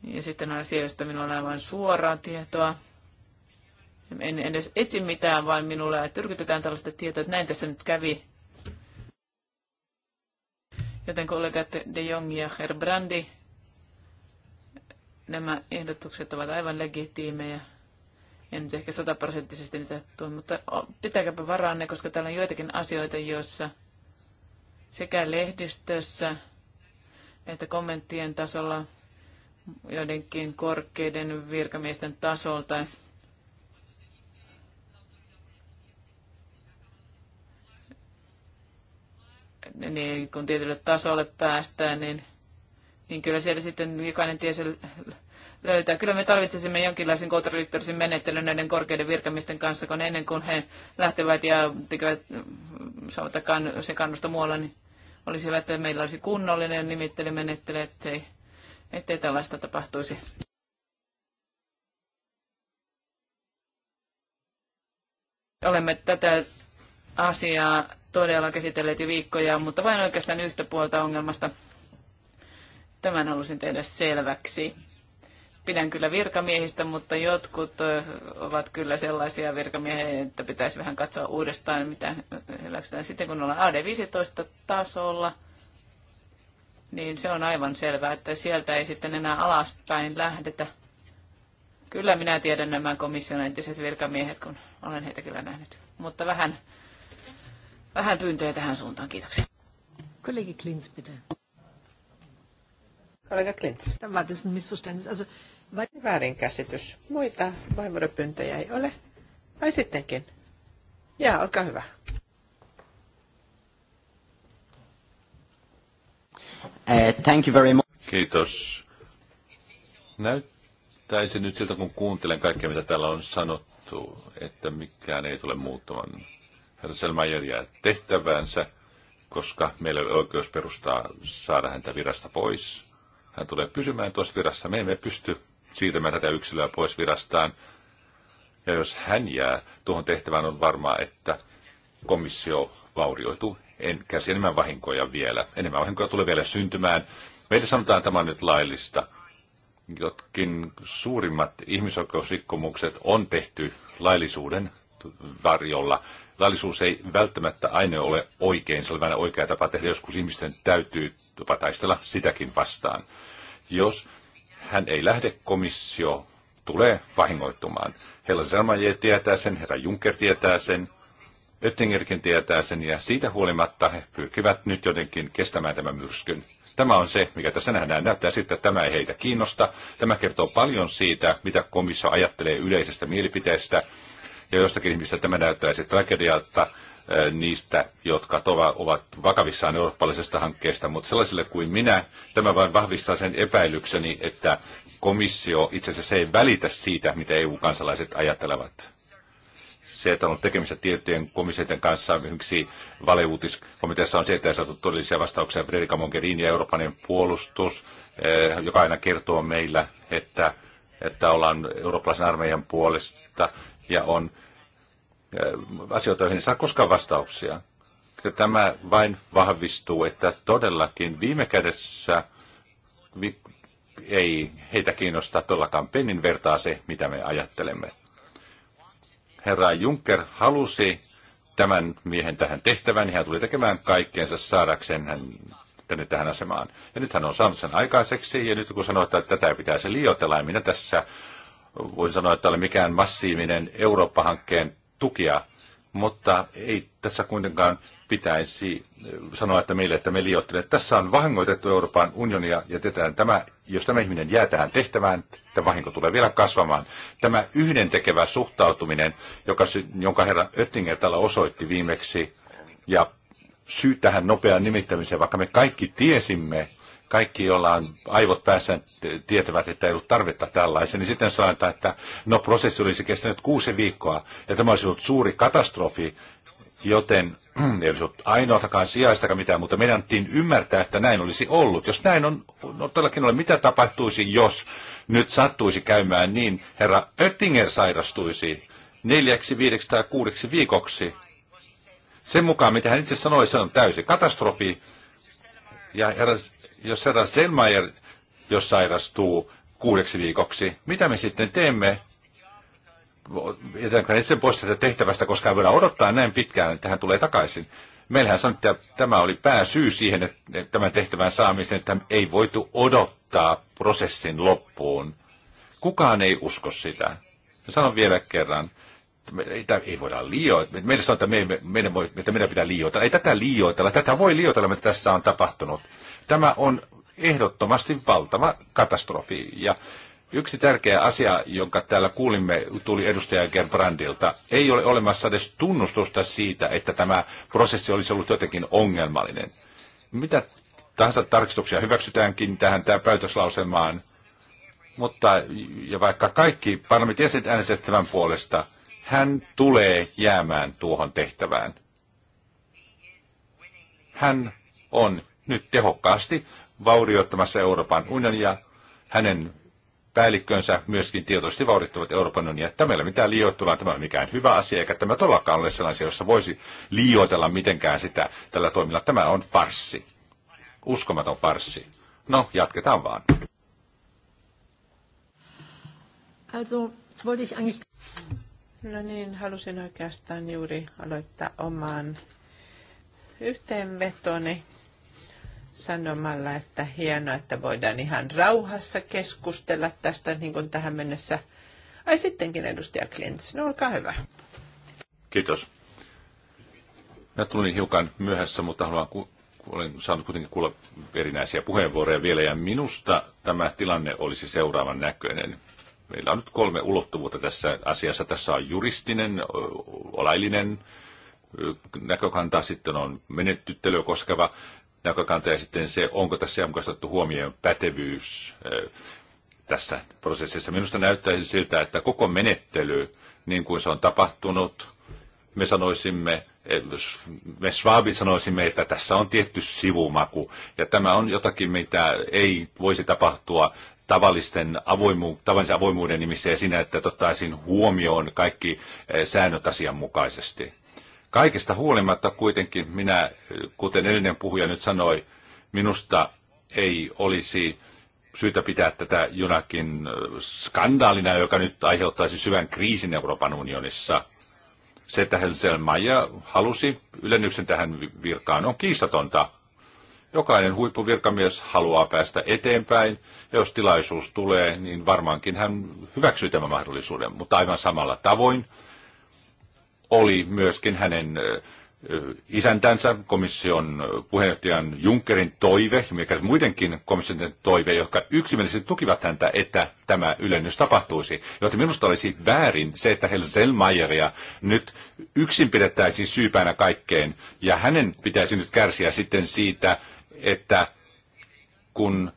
Ja sitten on asia, josta minulla on aivan suoraa tietoa. En edes etsi mitään, vaan minulle tyrkytetään tällaista tietoa, että näin tässä nyt kävi. Joten kollegat De Jong ja Herbrandi, nämä ehdotukset ovat aivan legitiimejä en nyt ehkä sataprosenttisesti niitä tule, mutta pitääkääpä ne, koska täällä on joitakin asioita, joissa sekä lehdistössä että kommenttien tasolla joidenkin korkeiden virkamiesten tasolta niin kun tietylle tasolle päästään, niin, niin kyllä siellä sitten jokainen tiesi löytää. Kyllä me tarvitsisimme jonkinlaisen kontradiktorisen menettelyn näiden korkeiden virkamisten kanssa, kun ennen kuin he lähtevät ja tekevät se kannusta muualla, niin olisi hyvä, että meillä olisi kunnollinen nimittelymenettely, ettei, ettei tällaista tapahtuisi. Olemme tätä asiaa todella käsitelleet jo viikkoja, mutta vain oikeastaan yhtä puolta ongelmasta. Tämän halusin tehdä selväksi pidän kyllä virkamiehistä, mutta jotkut ovat kyllä sellaisia virkamiehiä, että pitäisi vähän katsoa uudestaan, mitä hyväksytään. Sitten kun ollaan AD15 tasolla, niin se on aivan selvää, että sieltä ei sitten enää alaspäin lähdetä. Kyllä minä tiedän nämä komission entiset virkamiehet, kun olen heitä kyllä nähnyt. Mutta vähän, vähän pyyntöjä tähän suuntaan. Kiitoksia. Kollegi Klins, bitte. Kollega Klintz. Tämä on missverständnis. Also, Väärinkäsitys. Muita puheenvuoropyyntöjä ei ole. Vai sittenkin? Jaa, olkaa hyvä. Eh, thank you very much. Kiitos. Näyttäisi nyt siltä, kun kuuntelen kaikkea, mitä täällä on sanottu, että mikään ei tule muuttumaan. Herra Selmayer jää tehtäväänsä, koska meillä ole oikeus perustaa saada häntä virasta pois hän tulee pysymään tuossa virassa. Me emme pysty siirtämään tätä yksilöä pois virastaan. Ja jos hän jää tuohon tehtävään, on varmaa, että komissio vaurioituu en käsi enemmän vahinkoja vielä. Enemmän vahinkoja tulee vielä syntymään. Meille sanotaan että tämä on nyt laillista. Jotkin suurimmat ihmisoikeusrikkomukset on tehty laillisuuden varjolla laillisuus ei välttämättä aina ole oikein, se on aina oikea tapa tehdä, joskus ihmisten täytyy jopa taistella sitäkin vastaan. Jos hän ei lähde komissio tulee vahingoittumaan. Hella Zermaje tietää sen, herra Juncker tietää sen, Öttingerkin tietää sen ja siitä huolimatta he pyrkivät nyt jotenkin kestämään tämän myrskyn. Tämä on se, mikä tässä nähdään. Näyttää siltä, että tämä ei heitä kiinnosta. Tämä kertoo paljon siitä, mitä komissio ajattelee yleisestä mielipiteestä ja jostakin ihmistä tämä näyttäisi tragedialta niistä, jotka ovat vakavissaan eurooppalaisesta hankkeesta, mutta sellaisille kuin minä, tämä vain vahvistaa sen epäilykseni, että komissio itse asiassa ei välitä siitä, mitä EU-kansalaiset ajattelevat. Se, että on ollut tekemistä tiettyjen komissioiden kanssa, esimerkiksi valeuutiskomiteassa on se, että ei saatu todellisia vastauksia Frederica Mogherini ja Euroopanen puolustus, joka aina kertoo meillä, että, että ollaan eurooppalaisen armeijan puolesta ja on äh, asioita, joihin ei saa koskaan vastauksia. Tämä vain vahvistuu, että todellakin viime kädessä vi- ei heitä kiinnosta todellakaan pennin vertaa se, mitä me ajattelemme. Herra Juncker halusi tämän miehen tähän tehtävään, niin hän tuli tekemään kaikkeensa saadakseen hän tänne tähän asemaan. Ja nyt hän on saanut sen aikaiseksi, ja nyt kun sanotaan, että tätä ei pitäisi liioitella, ja niin minä tässä voin sanoa, että ole mikään massiivinen Eurooppa-hankkeen tukija, mutta ei tässä kuitenkaan pitäisi eh, sanoa, että meille, että me liioittelemme. Tässä on vahingoitettu Euroopan unionia ja tietään tämä, jos tämä ihminen jää tähän tehtävään, tämä vahinko tulee vielä kasvamaan. Tämä yhdentekevä suhtautuminen, joka, jonka herra Oettinger täällä osoitti viimeksi, ja syy tähän nopeaan nimittämiseen, vaikka me kaikki tiesimme, kaikki, joilla on aivot päässä, tietävät, että ei ollut tarvetta tällaisen, niin sitten sanotaan, että no prosessi olisi kestänyt kuusi viikkoa, ja tämä olisi ollut suuri katastrofi, joten ei olisi ollut ainoatakaan sijaistakaan mitään, mutta meidän annettiin ymmärtää, että näin olisi ollut. Jos näin on, no todellakin ole, mitä tapahtuisi, jos nyt sattuisi käymään niin, herra Oettinger sairastuisi neljäksi, viideksi tai kuudeksi viikoksi. Sen mukaan, mitä hän itse sanoi, se on täysi katastrofi. Ja herra jos herra Selmayer, jos sairastuu kuudeksi viikoksi, mitä me sitten teemme? Jätänkö itse pois tästä tehtävästä, koska ei voida odottaa näin pitkään, että hän tulee takaisin. Meillähän sanottiin, että tämä oli pääsyy siihen, että tämän tehtävän saamiseen, että ei voitu odottaa prosessin loppuun. Kukaan ei usko sitä. Sanon vielä kerran me, ei, ei voida liioitella. Meidän sanotaan, että, me, meidän voi, että meidän pitää liioitella. Ei tätä liioitella. Tätä voi liioitella, mitä tässä on tapahtunut. Tämä on ehdottomasti valtava katastrofi. Ja yksi tärkeä asia, jonka täällä kuulimme, tuli edustaja Gerbrandilta. Ei ole olemassa edes tunnustusta siitä, että tämä prosessi olisi ollut jotenkin ongelmallinen. Mitä tahansa tarkistuksia hyväksytäänkin tähän tämä päätöslauselmaan, mutta ja vaikka kaikki parlamentin jäsenet tämän puolesta – hän tulee jäämään tuohon tehtävään. Hän on nyt tehokkaasti vaurioittamassa Euroopan unionia. Hänen päällikkönsä myöskin tietoisesti vaurittavat Euroopan unionia. Tämä ei ole mitään liioittelua, tämä ei ole mikään hyvä asia, eikä tämä todellakaan ole sellaisia, jossa voisi liioitella mitenkään sitä tällä toimilla. Tämä on farsi. Uskomaton farsi. No, jatketaan vaan. Also, das wollte ich eigentlich... No niin, halusin oikeastaan juuri aloittaa oman yhteenvetoni sanomalla, että hienoa, että voidaan ihan rauhassa keskustella tästä niin kuin tähän mennessä. Ai sittenkin edustaja Klintz, no olkaa hyvä. Kiitos. Mä tulin hiukan myöhässä, mutta haluan ku- olen saanut kuitenkin kuulla erinäisiä puheenvuoroja vielä, ja minusta tämä tilanne olisi seuraavan näköinen. Meillä on nyt kolme ulottuvuutta tässä asiassa. Tässä on juristinen, olaillinen näkökanta, sitten on menetyttelyä koskeva näkökanta ja sitten se, onko tässä jonkunlaista huomioon pätevyys tässä prosessissa. Minusta näyttäisi siltä, että koko menettely, niin kuin se on tapahtunut, me sanoisimme, me Schwabit sanoisimme, että tässä on tietty sivumaku, ja tämä on jotakin, mitä ei voisi tapahtua tavallisten avoimu, tavallisen avoimuuden nimissä ja siinä, että ottaisin huomioon kaikki eh, säännöt asianmukaisesti. Kaikesta huolimatta kuitenkin minä, eh, kuten edellinen puhuja nyt sanoi, minusta ei olisi syytä pitää tätä jonakin eh, skandaalina, joka nyt aiheuttaisi syvän kriisin Euroopan unionissa. Se, että Helselmaja halusi ylennyksen tähän virkaan, on kiistatonta. Jokainen huippuvirkamies haluaa päästä eteenpäin, ja jos tilaisuus tulee, niin varmaankin hän hyväksyy tämän mahdollisuuden, mutta aivan samalla tavoin oli myöskin hänen isäntänsä, komission puheenjohtajan Junckerin toive, mikä muidenkin komission toive, jotka yksimielisesti tukivat häntä, että tämä ylennys tapahtuisi. Joten minusta olisi väärin se, että Helselmayeria nyt yksin pidettäisiin syypäänä kaikkeen, ja hänen pitäisi nyt kärsiä sitten siitä, että kun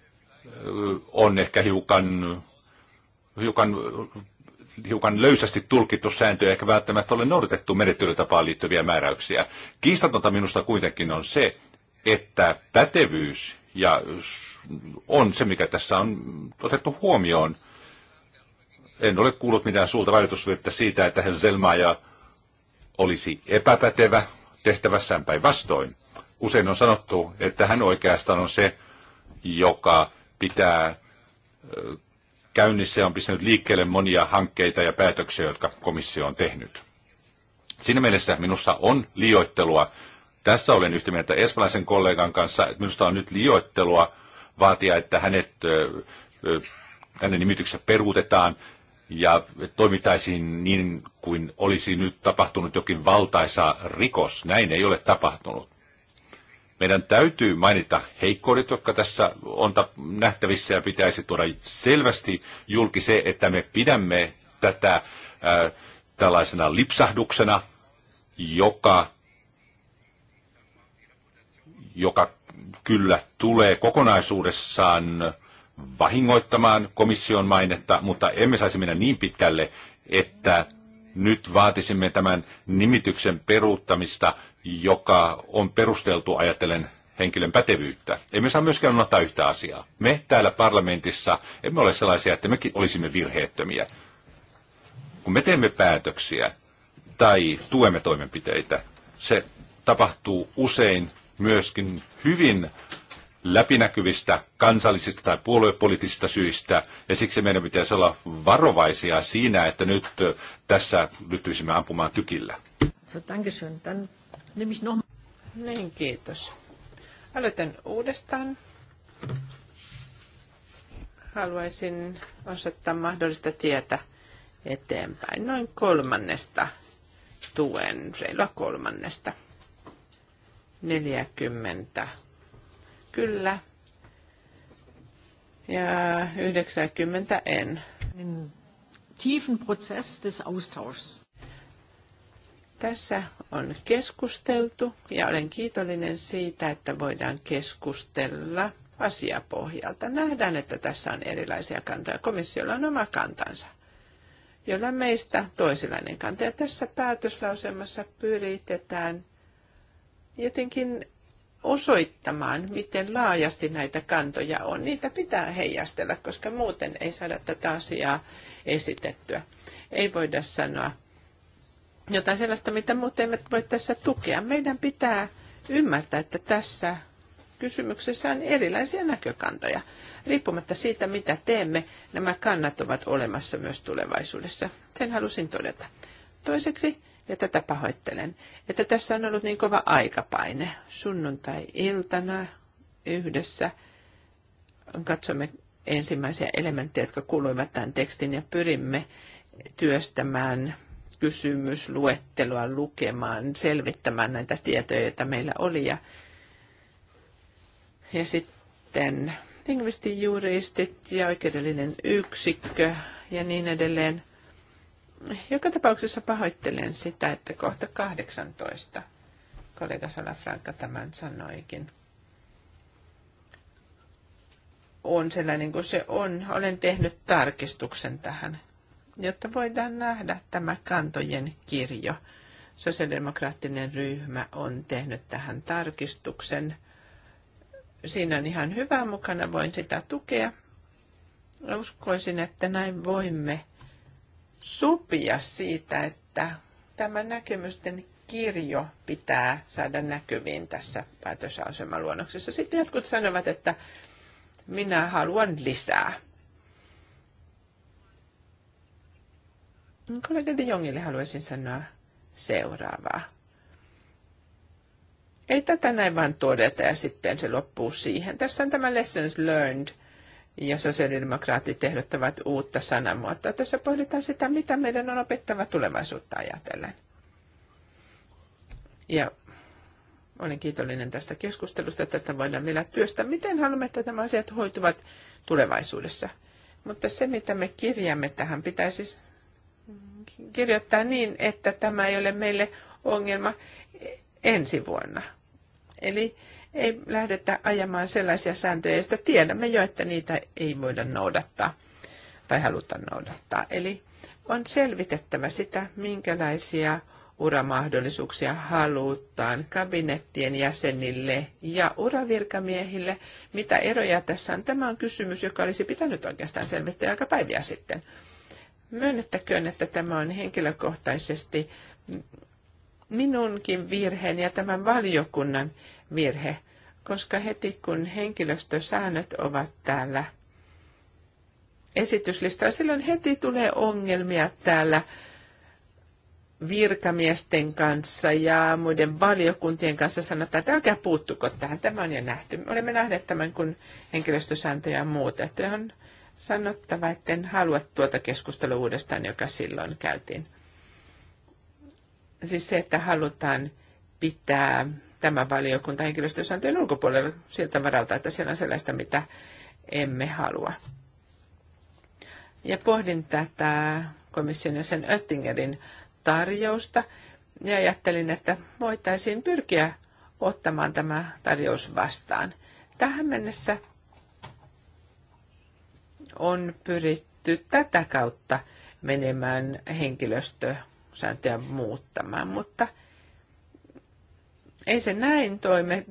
on ehkä hiukan, hiukan, hiukan löysästi tulkittu sääntöjä, eikä välttämättä ole noudatettu menettelytapaan liittyviä määräyksiä. Kiistatonta minusta kuitenkin on se, että pätevyys ja on se, mikä tässä on otettu huomioon. En ole kuullut mitään suulta valitusvirttä siitä, että Zelmaaja olisi epäpätevä tehtävässään päinvastoin usein on sanottu, että hän oikeastaan on se, joka pitää käynnissä ja on pistänyt liikkeelle monia hankkeita ja päätöksiä, jotka komissio on tehnyt. Siinä mielessä minusta on liioittelua. Tässä olen yhtä mieltä espanjalaisen kollegan kanssa, että minusta on nyt liioittelua vaatia, että hänet, hänen nimityksensä peruutetaan ja toimitaisiin niin kuin olisi nyt tapahtunut jokin valtaisa rikos. Näin ei ole tapahtunut. Meidän täytyy mainita heikkoudet, jotka tässä on nähtävissä ja pitäisi tuoda selvästi julki se, että me pidämme tätä äh, tällaisena lipsahduksena, joka, joka kyllä tulee kokonaisuudessaan vahingoittamaan komission mainetta, mutta emme saisi mennä niin pitkälle, että nyt vaatisimme tämän nimityksen peruuttamista joka on perusteltu ajatellen henkilön pätevyyttä. Emme saa myöskään unohtaa yhtä asiaa. Me täällä parlamentissa emme ole sellaisia, että mekin olisimme virheettömiä. Kun me teemme päätöksiä tai tuemme toimenpiteitä, se tapahtuu usein myöskin hyvin läpinäkyvistä kansallisista tai puoluepoliittisista syistä, ja siksi meidän pitäisi olla varovaisia siinä, että nyt tässä ryhtyisimme ampumaan tykillä. So, niin, kiitos. Aloitan uudestaan. Haluaisin osoittaa mahdollista tietä eteenpäin noin kolmannesta tuen, reilua kolmannesta. 40. Kyllä. Ja 90 en. Tiefen Prozess des Austauschs. Tässä on keskusteltu ja olen kiitollinen siitä, että voidaan keskustella asiapohjalta. Nähdään, että tässä on erilaisia kantoja. Komissiolla on oma kantansa, jolla meistä toisenlainen kanta. Ja tässä päätöslausemassa pyritetään jotenkin osoittamaan, miten laajasti näitä kantoja on. Niitä pitää heijastella, koska muuten ei saada tätä asiaa esitettyä. Ei voida sanoa, jotain sellaista, mitä muut eivät voi tässä tukea. Meidän pitää ymmärtää, että tässä kysymyksessä on erilaisia näkökantoja. Riippumatta siitä, mitä teemme, nämä kannat ovat olemassa myös tulevaisuudessa. Sen halusin todeta. Toiseksi, ja tätä pahoittelen, että tässä on ollut niin kova aikapaine. Sunnuntai-iltana yhdessä katsomme ensimmäisiä elementtejä, jotka kuuluivat tämän tekstin ja pyrimme työstämään kysymysluetteloa lukemaan, selvittämään näitä tietoja, joita meillä oli. Ja, ja sitten lingvistijuristit ja oikeudellinen yksikkö ja niin edelleen. Joka tapauksessa pahoittelen sitä, että kohta 18 kollega Salafranka tämän sanoikin. On sellainen kuin se on. Olen tehnyt tarkistuksen tähän jotta voidaan nähdä tämä kantojen kirjo. Sosiaalidemokraattinen ryhmä on tehnyt tähän tarkistuksen. Siinä on ihan hyvää mukana, voin sitä tukea. Uskoisin, että näin voimme supia siitä, että tämä näkemysten kirjo pitää saada näkyviin tässä päätösasemaluonnoksessa. Sitten jotkut sanovat, että minä haluan lisää Kollega de Jongille haluaisin sanoa seuraavaa. Ei tätä näin vaan todeta ja sitten se loppuu siihen. Tässä on tämä lessons learned ja sosiaalidemokraatit ehdottavat uutta sanamuotoa. Tässä pohditaan sitä, mitä meidän on opettava tulevaisuutta ajatellen. Ja olen kiitollinen tästä keskustelusta. Tätä voidaan vielä työstä, Miten haluamme, että nämä asiat hoituvat tulevaisuudessa? Mutta se, mitä me kirjaamme tähän, pitäisi kirjoittaa niin, että tämä ei ole meille ongelma ensi vuonna. Eli ei lähdetä ajamaan sellaisia sääntöjä, joista tiedämme jo, että niitä ei voida noudattaa tai haluta noudattaa. Eli on selvitettävä sitä, minkälaisia uramahdollisuuksia halutaan kabinettien jäsenille ja uravirkamiehille. Mitä eroja tässä on? Tämä on kysymys, joka olisi pitänyt oikeastaan selvittää aika päiviä sitten. Myönnettäköön, että tämä on henkilökohtaisesti minunkin virheen ja tämän valiokunnan virhe, koska heti kun henkilöstösäännöt ovat täällä esityslistalla, silloin heti tulee ongelmia täällä virkamiesten kanssa ja muiden valiokuntien kanssa sanotaan, että älkää puuttuko tähän, tämä on jo nähty. Olemme nähneet tämän, kun henkilöstösääntöjä on muutettu sanottava, että en halua tuota keskustelua uudestaan, joka silloin käytiin. Siis se, että halutaan pitää tämä valiokunta henkilöstösääntöjen ulkopuolella siltä varalta, että siellä on sellaista, mitä emme halua. Ja pohdin tätä komission sen Oettingerin tarjousta ja ajattelin, että voitaisiin pyrkiä ottamaan tämä tarjous vastaan. Tähän mennessä on pyritty tätä kautta menemään henkilöstösääntöjä muuttamaan, mutta ei se näin toime.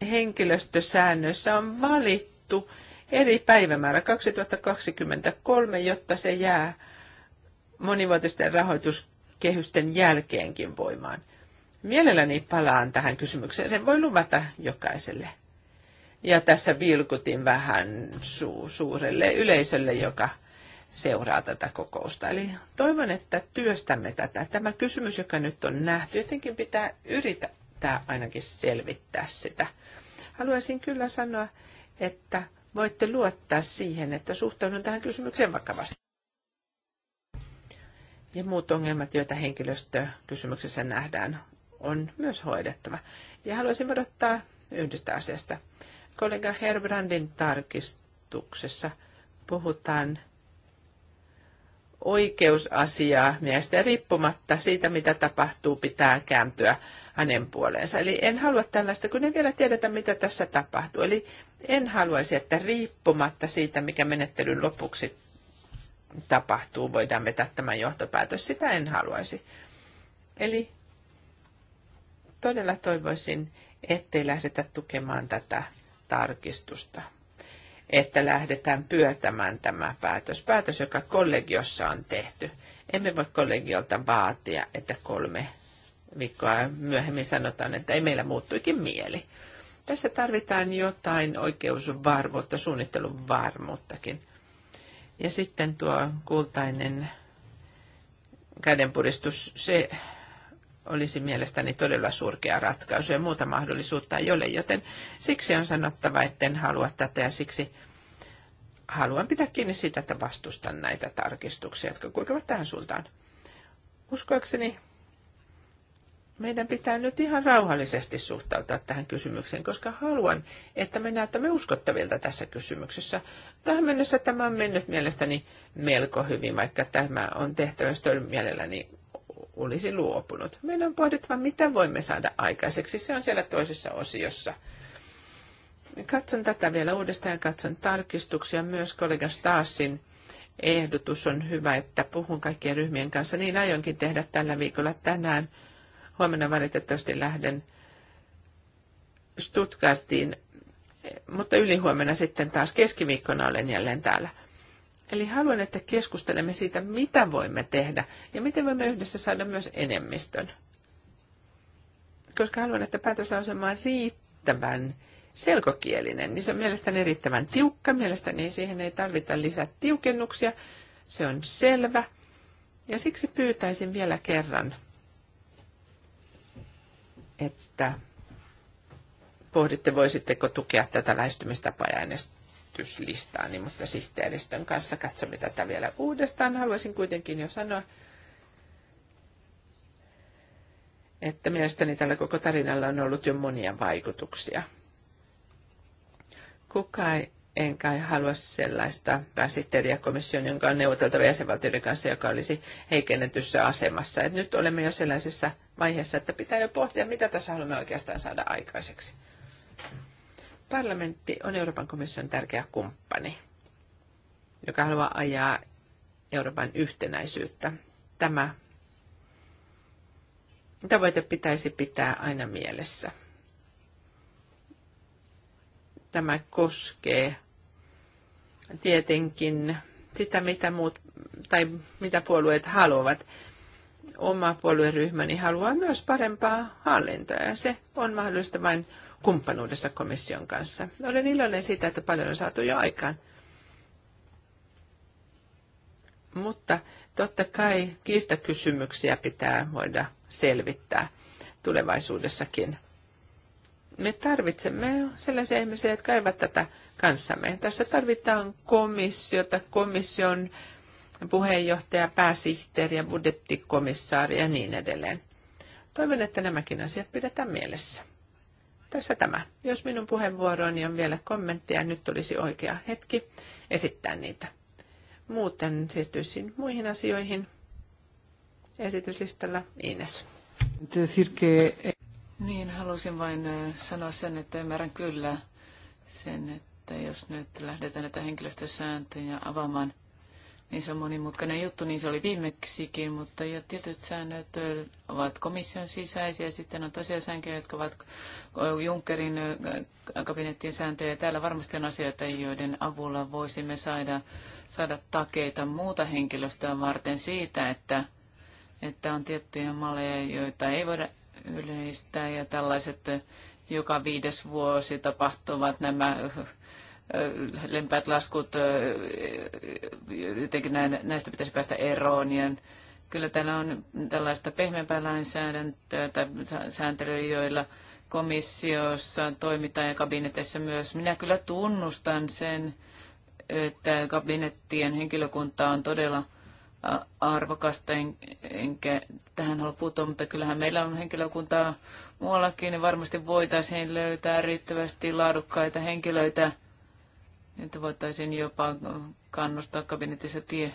Henkilöstösäännössä on valittu eri päivämäärä 2023, jotta se jää monivuotisten rahoituskehysten jälkeenkin voimaan. Mielelläni palaan tähän kysymykseen, sen voi luvata jokaiselle. Ja tässä vilkutin vähän su- suurelle yleisölle, joka seuraa tätä kokousta. Eli toivon, että työstämme tätä. Tämä kysymys, joka nyt on nähty, jotenkin pitää yrittää ainakin selvittää sitä. Haluaisin kyllä sanoa, että voitte luottaa siihen, että suhtaudun tähän kysymykseen vakavasti. Ja muut ongelmat, joita henkilöstökysymyksessä nähdään, on myös hoidettava. Ja haluaisin odottaa yhdestä asiasta. Kollega Herbrandin tarkistuksessa puhutaan oikeusasiaa miestä riippumatta siitä, mitä tapahtuu, pitää kääntyä hänen puoleensa. Eli en halua tällaista, kun ei vielä tiedetä, mitä tässä tapahtuu. Eli en haluaisi, että riippumatta siitä, mikä menettelyn lopuksi tapahtuu, voidaan vetää tämä johtopäätös. Sitä en haluaisi. Eli todella toivoisin, ettei lähdetä tukemaan tätä tarkistusta, että lähdetään pyötämään tämä päätös. Päätös, joka kollegiossa on tehty. Emme voi kollegiolta vaatia, että kolme viikkoa myöhemmin sanotaan, että ei meillä muuttuikin mieli. Tässä tarvitaan jotain oikeusvarmuutta, suunnittelun varmuuttakin. Ja sitten tuo kultainen kädenpuristus, se olisi mielestäni todella surkea ratkaisu ja muuta mahdollisuutta ei ole, joten siksi on sanottava, että en halua tätä ja siksi haluan pitää kiinni siitä, että vastustan näitä tarkistuksia, jotka kulkevat tähän suuntaan. Uskoakseni meidän pitää nyt ihan rauhallisesti suhtautua tähän kysymykseen, koska haluan, että me näyttämme uskottavilta tässä kysymyksessä. Tähän mennessä tämä on mennyt mielestäni melko hyvin, vaikka tämä on tehtävä, mielelläni olisi luopunut. Meidän on pohdittava, mitä voimme saada aikaiseksi. Se on siellä toisessa osiossa. Katson tätä vielä uudestaan ja katson tarkistuksia. Myös kollega Stasin ehdotus on hyvä, että puhun kaikkien ryhmien kanssa. Niin aionkin tehdä tällä viikolla tänään. Huomenna valitettavasti lähden Stuttgartiin, mutta ylihuomenna sitten taas keskiviikkona olen jälleen täällä. Eli haluan, että keskustelemme siitä, mitä voimme tehdä ja miten voimme yhdessä saada myös enemmistön. Koska haluan, että päätöslauselma on riittävän selkokielinen, niin se on mielestäni riittävän tiukka. Mielestäni siihen ei tarvita lisää tiukennuksia. Se on selvä. Ja siksi pyytäisin vielä kerran, että pohditte, voisitteko tukea tätä lähestymistapaa ja äänestyslistaani, niin mutta sihteeristön kanssa katsomme tätä vielä uudestaan. Haluaisin kuitenkin jo sanoa, että mielestäni tällä koko tarinalla on ollut jo monia vaikutuksia. Kuka ei, en kai halua sellaista komission, jonka on neuvoteltava jäsenvaltioiden kanssa, joka olisi heikennetyssä asemassa. Et nyt olemme jo sellaisessa vaiheessa, että pitää jo pohtia, mitä tässä haluamme oikeastaan saada aikaiseksi. Parlamentti on Euroopan komission tärkeä kumppani, joka haluaa ajaa Euroopan yhtenäisyyttä. Tämä tavoite pitäisi pitää aina mielessä. Tämä koskee tietenkin sitä, mitä muut tai mitä puolueet haluavat oma puolueryhmäni haluaa myös parempaa hallintoa ja se on mahdollista vain kumppanuudessa komission kanssa. Olen iloinen siitä, että paljon on saatu jo aikaan. Mutta totta kai kiistakysymyksiä pitää voida selvittää tulevaisuudessakin. Me tarvitsemme sellaisia ihmisiä, jotka eivät tätä kanssamme. Tässä tarvitaan komissiota, komission puheenjohtaja, pääsihteeri ja budjettikomissaari ja niin edelleen. Toivon, että nämäkin asiat pidetään mielessä. Tässä tämä. Jos minun puheenvuorooni on vielä kommentteja, nyt olisi oikea hetki esittää niitä. Muuten siirtyisin muihin asioihin. Esityslistalla Ines. Niin, halusin vain sanoa sen, että ymmärrän kyllä sen, että jos nyt lähdetään näitä henkilöstösääntöjä avaamaan – niin se on monimutkainen juttu, niin se oli viimeksikin, mutta ja tietyt säännöt ovat komission sisäisiä, sitten on tosiaan sääntöjä, jotka ovat Junckerin kabinettien sääntöjä. Täällä varmasti on asioita, joiden avulla voisimme saada, saada takeita muuta henkilöstöä varten siitä, että, että on tiettyjä malleja, joita ei voida yleistää ja tällaiset joka viides vuosi tapahtuvat nämä lempäät laskut, jotenkin näistä pitäisi päästä eroon. Ja kyllä täällä on tällaista pehmeämpää lainsäädäntöä tai sääntelyä, joilla komissiossa toimitaan ja kabinetissa myös. Minä kyllä tunnustan sen, että kabinettien henkilökunta on todella arvokasta, en, enkä tähän halua puuttua, mutta kyllähän meillä on henkilökuntaa muuallakin, niin varmasti voitaisiin löytää riittävästi laadukkaita henkilöitä että voitaisiin jopa kannustaa kabinetissa tie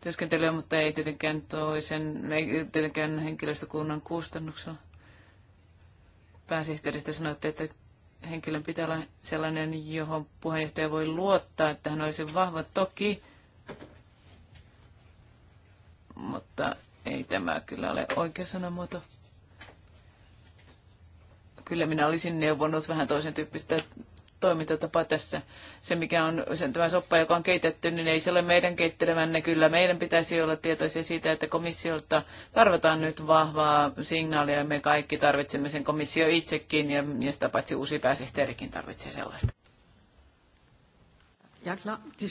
työskentelyä, mutta ei tietenkään toisen, ei tietenkään henkilöstökunnan kustannuksella. Pääsihteeristä sanoitte, että henkilön pitää olla sellainen, johon puheenjohtaja voi luottaa, että hän olisi vahva toki, mutta ei tämä kyllä ole oikea sanamuoto. Kyllä minä olisin neuvonut vähän toisen tyyppistä toimintatapa tässä. Se, mikä on sen tämä soppa, joka on keitetty, niin ei se ole meidän keittelemänne. Kyllä meidän pitäisi olla tietoisia siitä, että komissiolta tarvitaan nyt vahvaa signaalia. Me kaikki tarvitsemme sen komissio itsekin ja, ja sitä paitsi uusi pääsihteerikin tarvitsee sellaista. Ja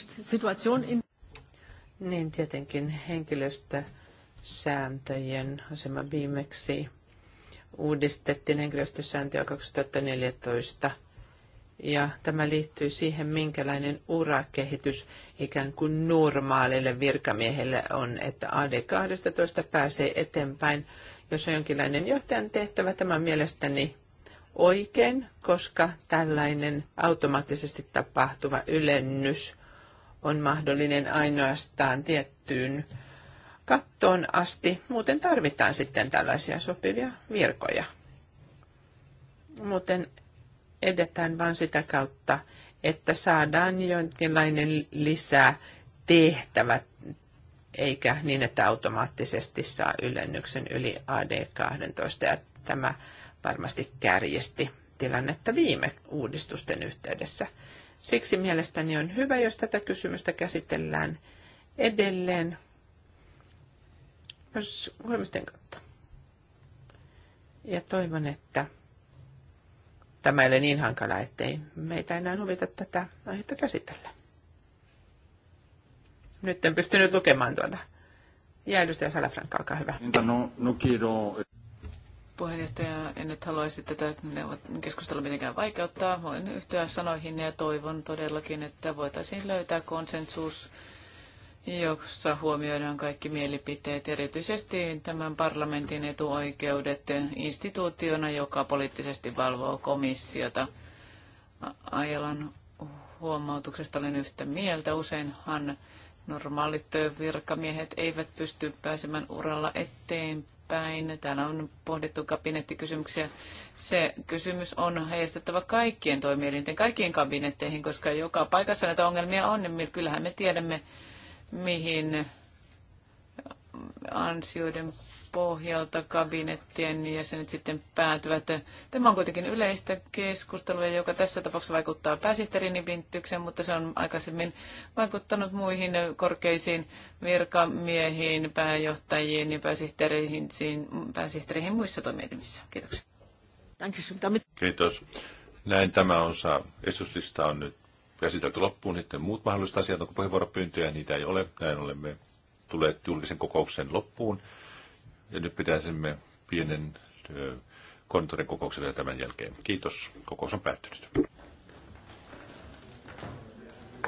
situation in... Niin tietenkin henkilöstösääntöjen asema viimeksi uudistettiin henkilöstösääntöä 2014 ja tämä liittyy siihen, minkälainen urakehitys ikään kuin normaalille virkamiehelle on, että AD12 pääsee eteenpäin, jos on jonkinlainen johtajan tehtävä. Tämä on mielestäni oikein, koska tällainen automaattisesti tapahtuva ylennys on mahdollinen ainoastaan tiettyyn kattoon asti. Muuten tarvitaan sitten tällaisia sopivia virkoja. Muuten edetään vain sitä kautta, että saadaan jonkinlainen lisää tehtävä, eikä niin, että automaattisesti saa ylennyksen yli AD12. Ja tämä varmasti kärjesti tilannetta viime uudistusten yhteydessä. Siksi mielestäni on hyvä, jos tätä kysymystä käsitellään edelleen myös huomisten kautta. Ja toivon, että tämä ei ole niin hankala, ettei meitä enää huvita tätä aihetta käsitellä. Nyt en pystynyt lukemaan tuota. Ja edustaja Salafranka, olkaa hyvä. No, no kiitos. Puheenjohtaja, en nyt haluaisi tätä keskustelua mitenkään vaikeuttaa. Voin yhtyä sanoihin ja toivon todellakin, että voitaisiin löytää konsensus jossa huomioidaan kaikki mielipiteet, erityisesti tämän parlamentin etuoikeudet instituutiona, joka poliittisesti valvoo komissiota. Ajalan huomautuksesta olen yhtä mieltä. Useinhan normaalit virkamiehet eivät pysty pääsemään uralla eteenpäin. Täällä on pohdittu kabinettikysymyksiä. Se kysymys on heistettävä kaikkien toimielinten, kaikkien kabinetteihin, koska joka paikassa näitä ongelmia on, niin kyllähän me tiedämme, mihin ansioiden pohjalta kabinettien jäsenet sitten päätyvät. Tämä on kuitenkin yleistä keskustelua, joka tässä tapauksessa vaikuttaa pääsihteerin pinttykseen, mutta se on aikaisemmin vaikuttanut muihin korkeisiin virkamiehiin, pääjohtajiin ja pääsihteereihin, pääsihteereihin muissa toimielimissä. Kiitoksia. Kiitos. Näin tämä on saa. Esuslista on nyt käsitelty loppuun. Sitten muut mahdolliset asiat, onko puheenvuoropyyntöjä, niitä ei ole. Näin olemme tulleet julkisen kokouksen loppuun. Ja nyt pitäisimme pienen konttorin kokouksen tämän jälkeen. Kiitos. Kokous on päättynyt.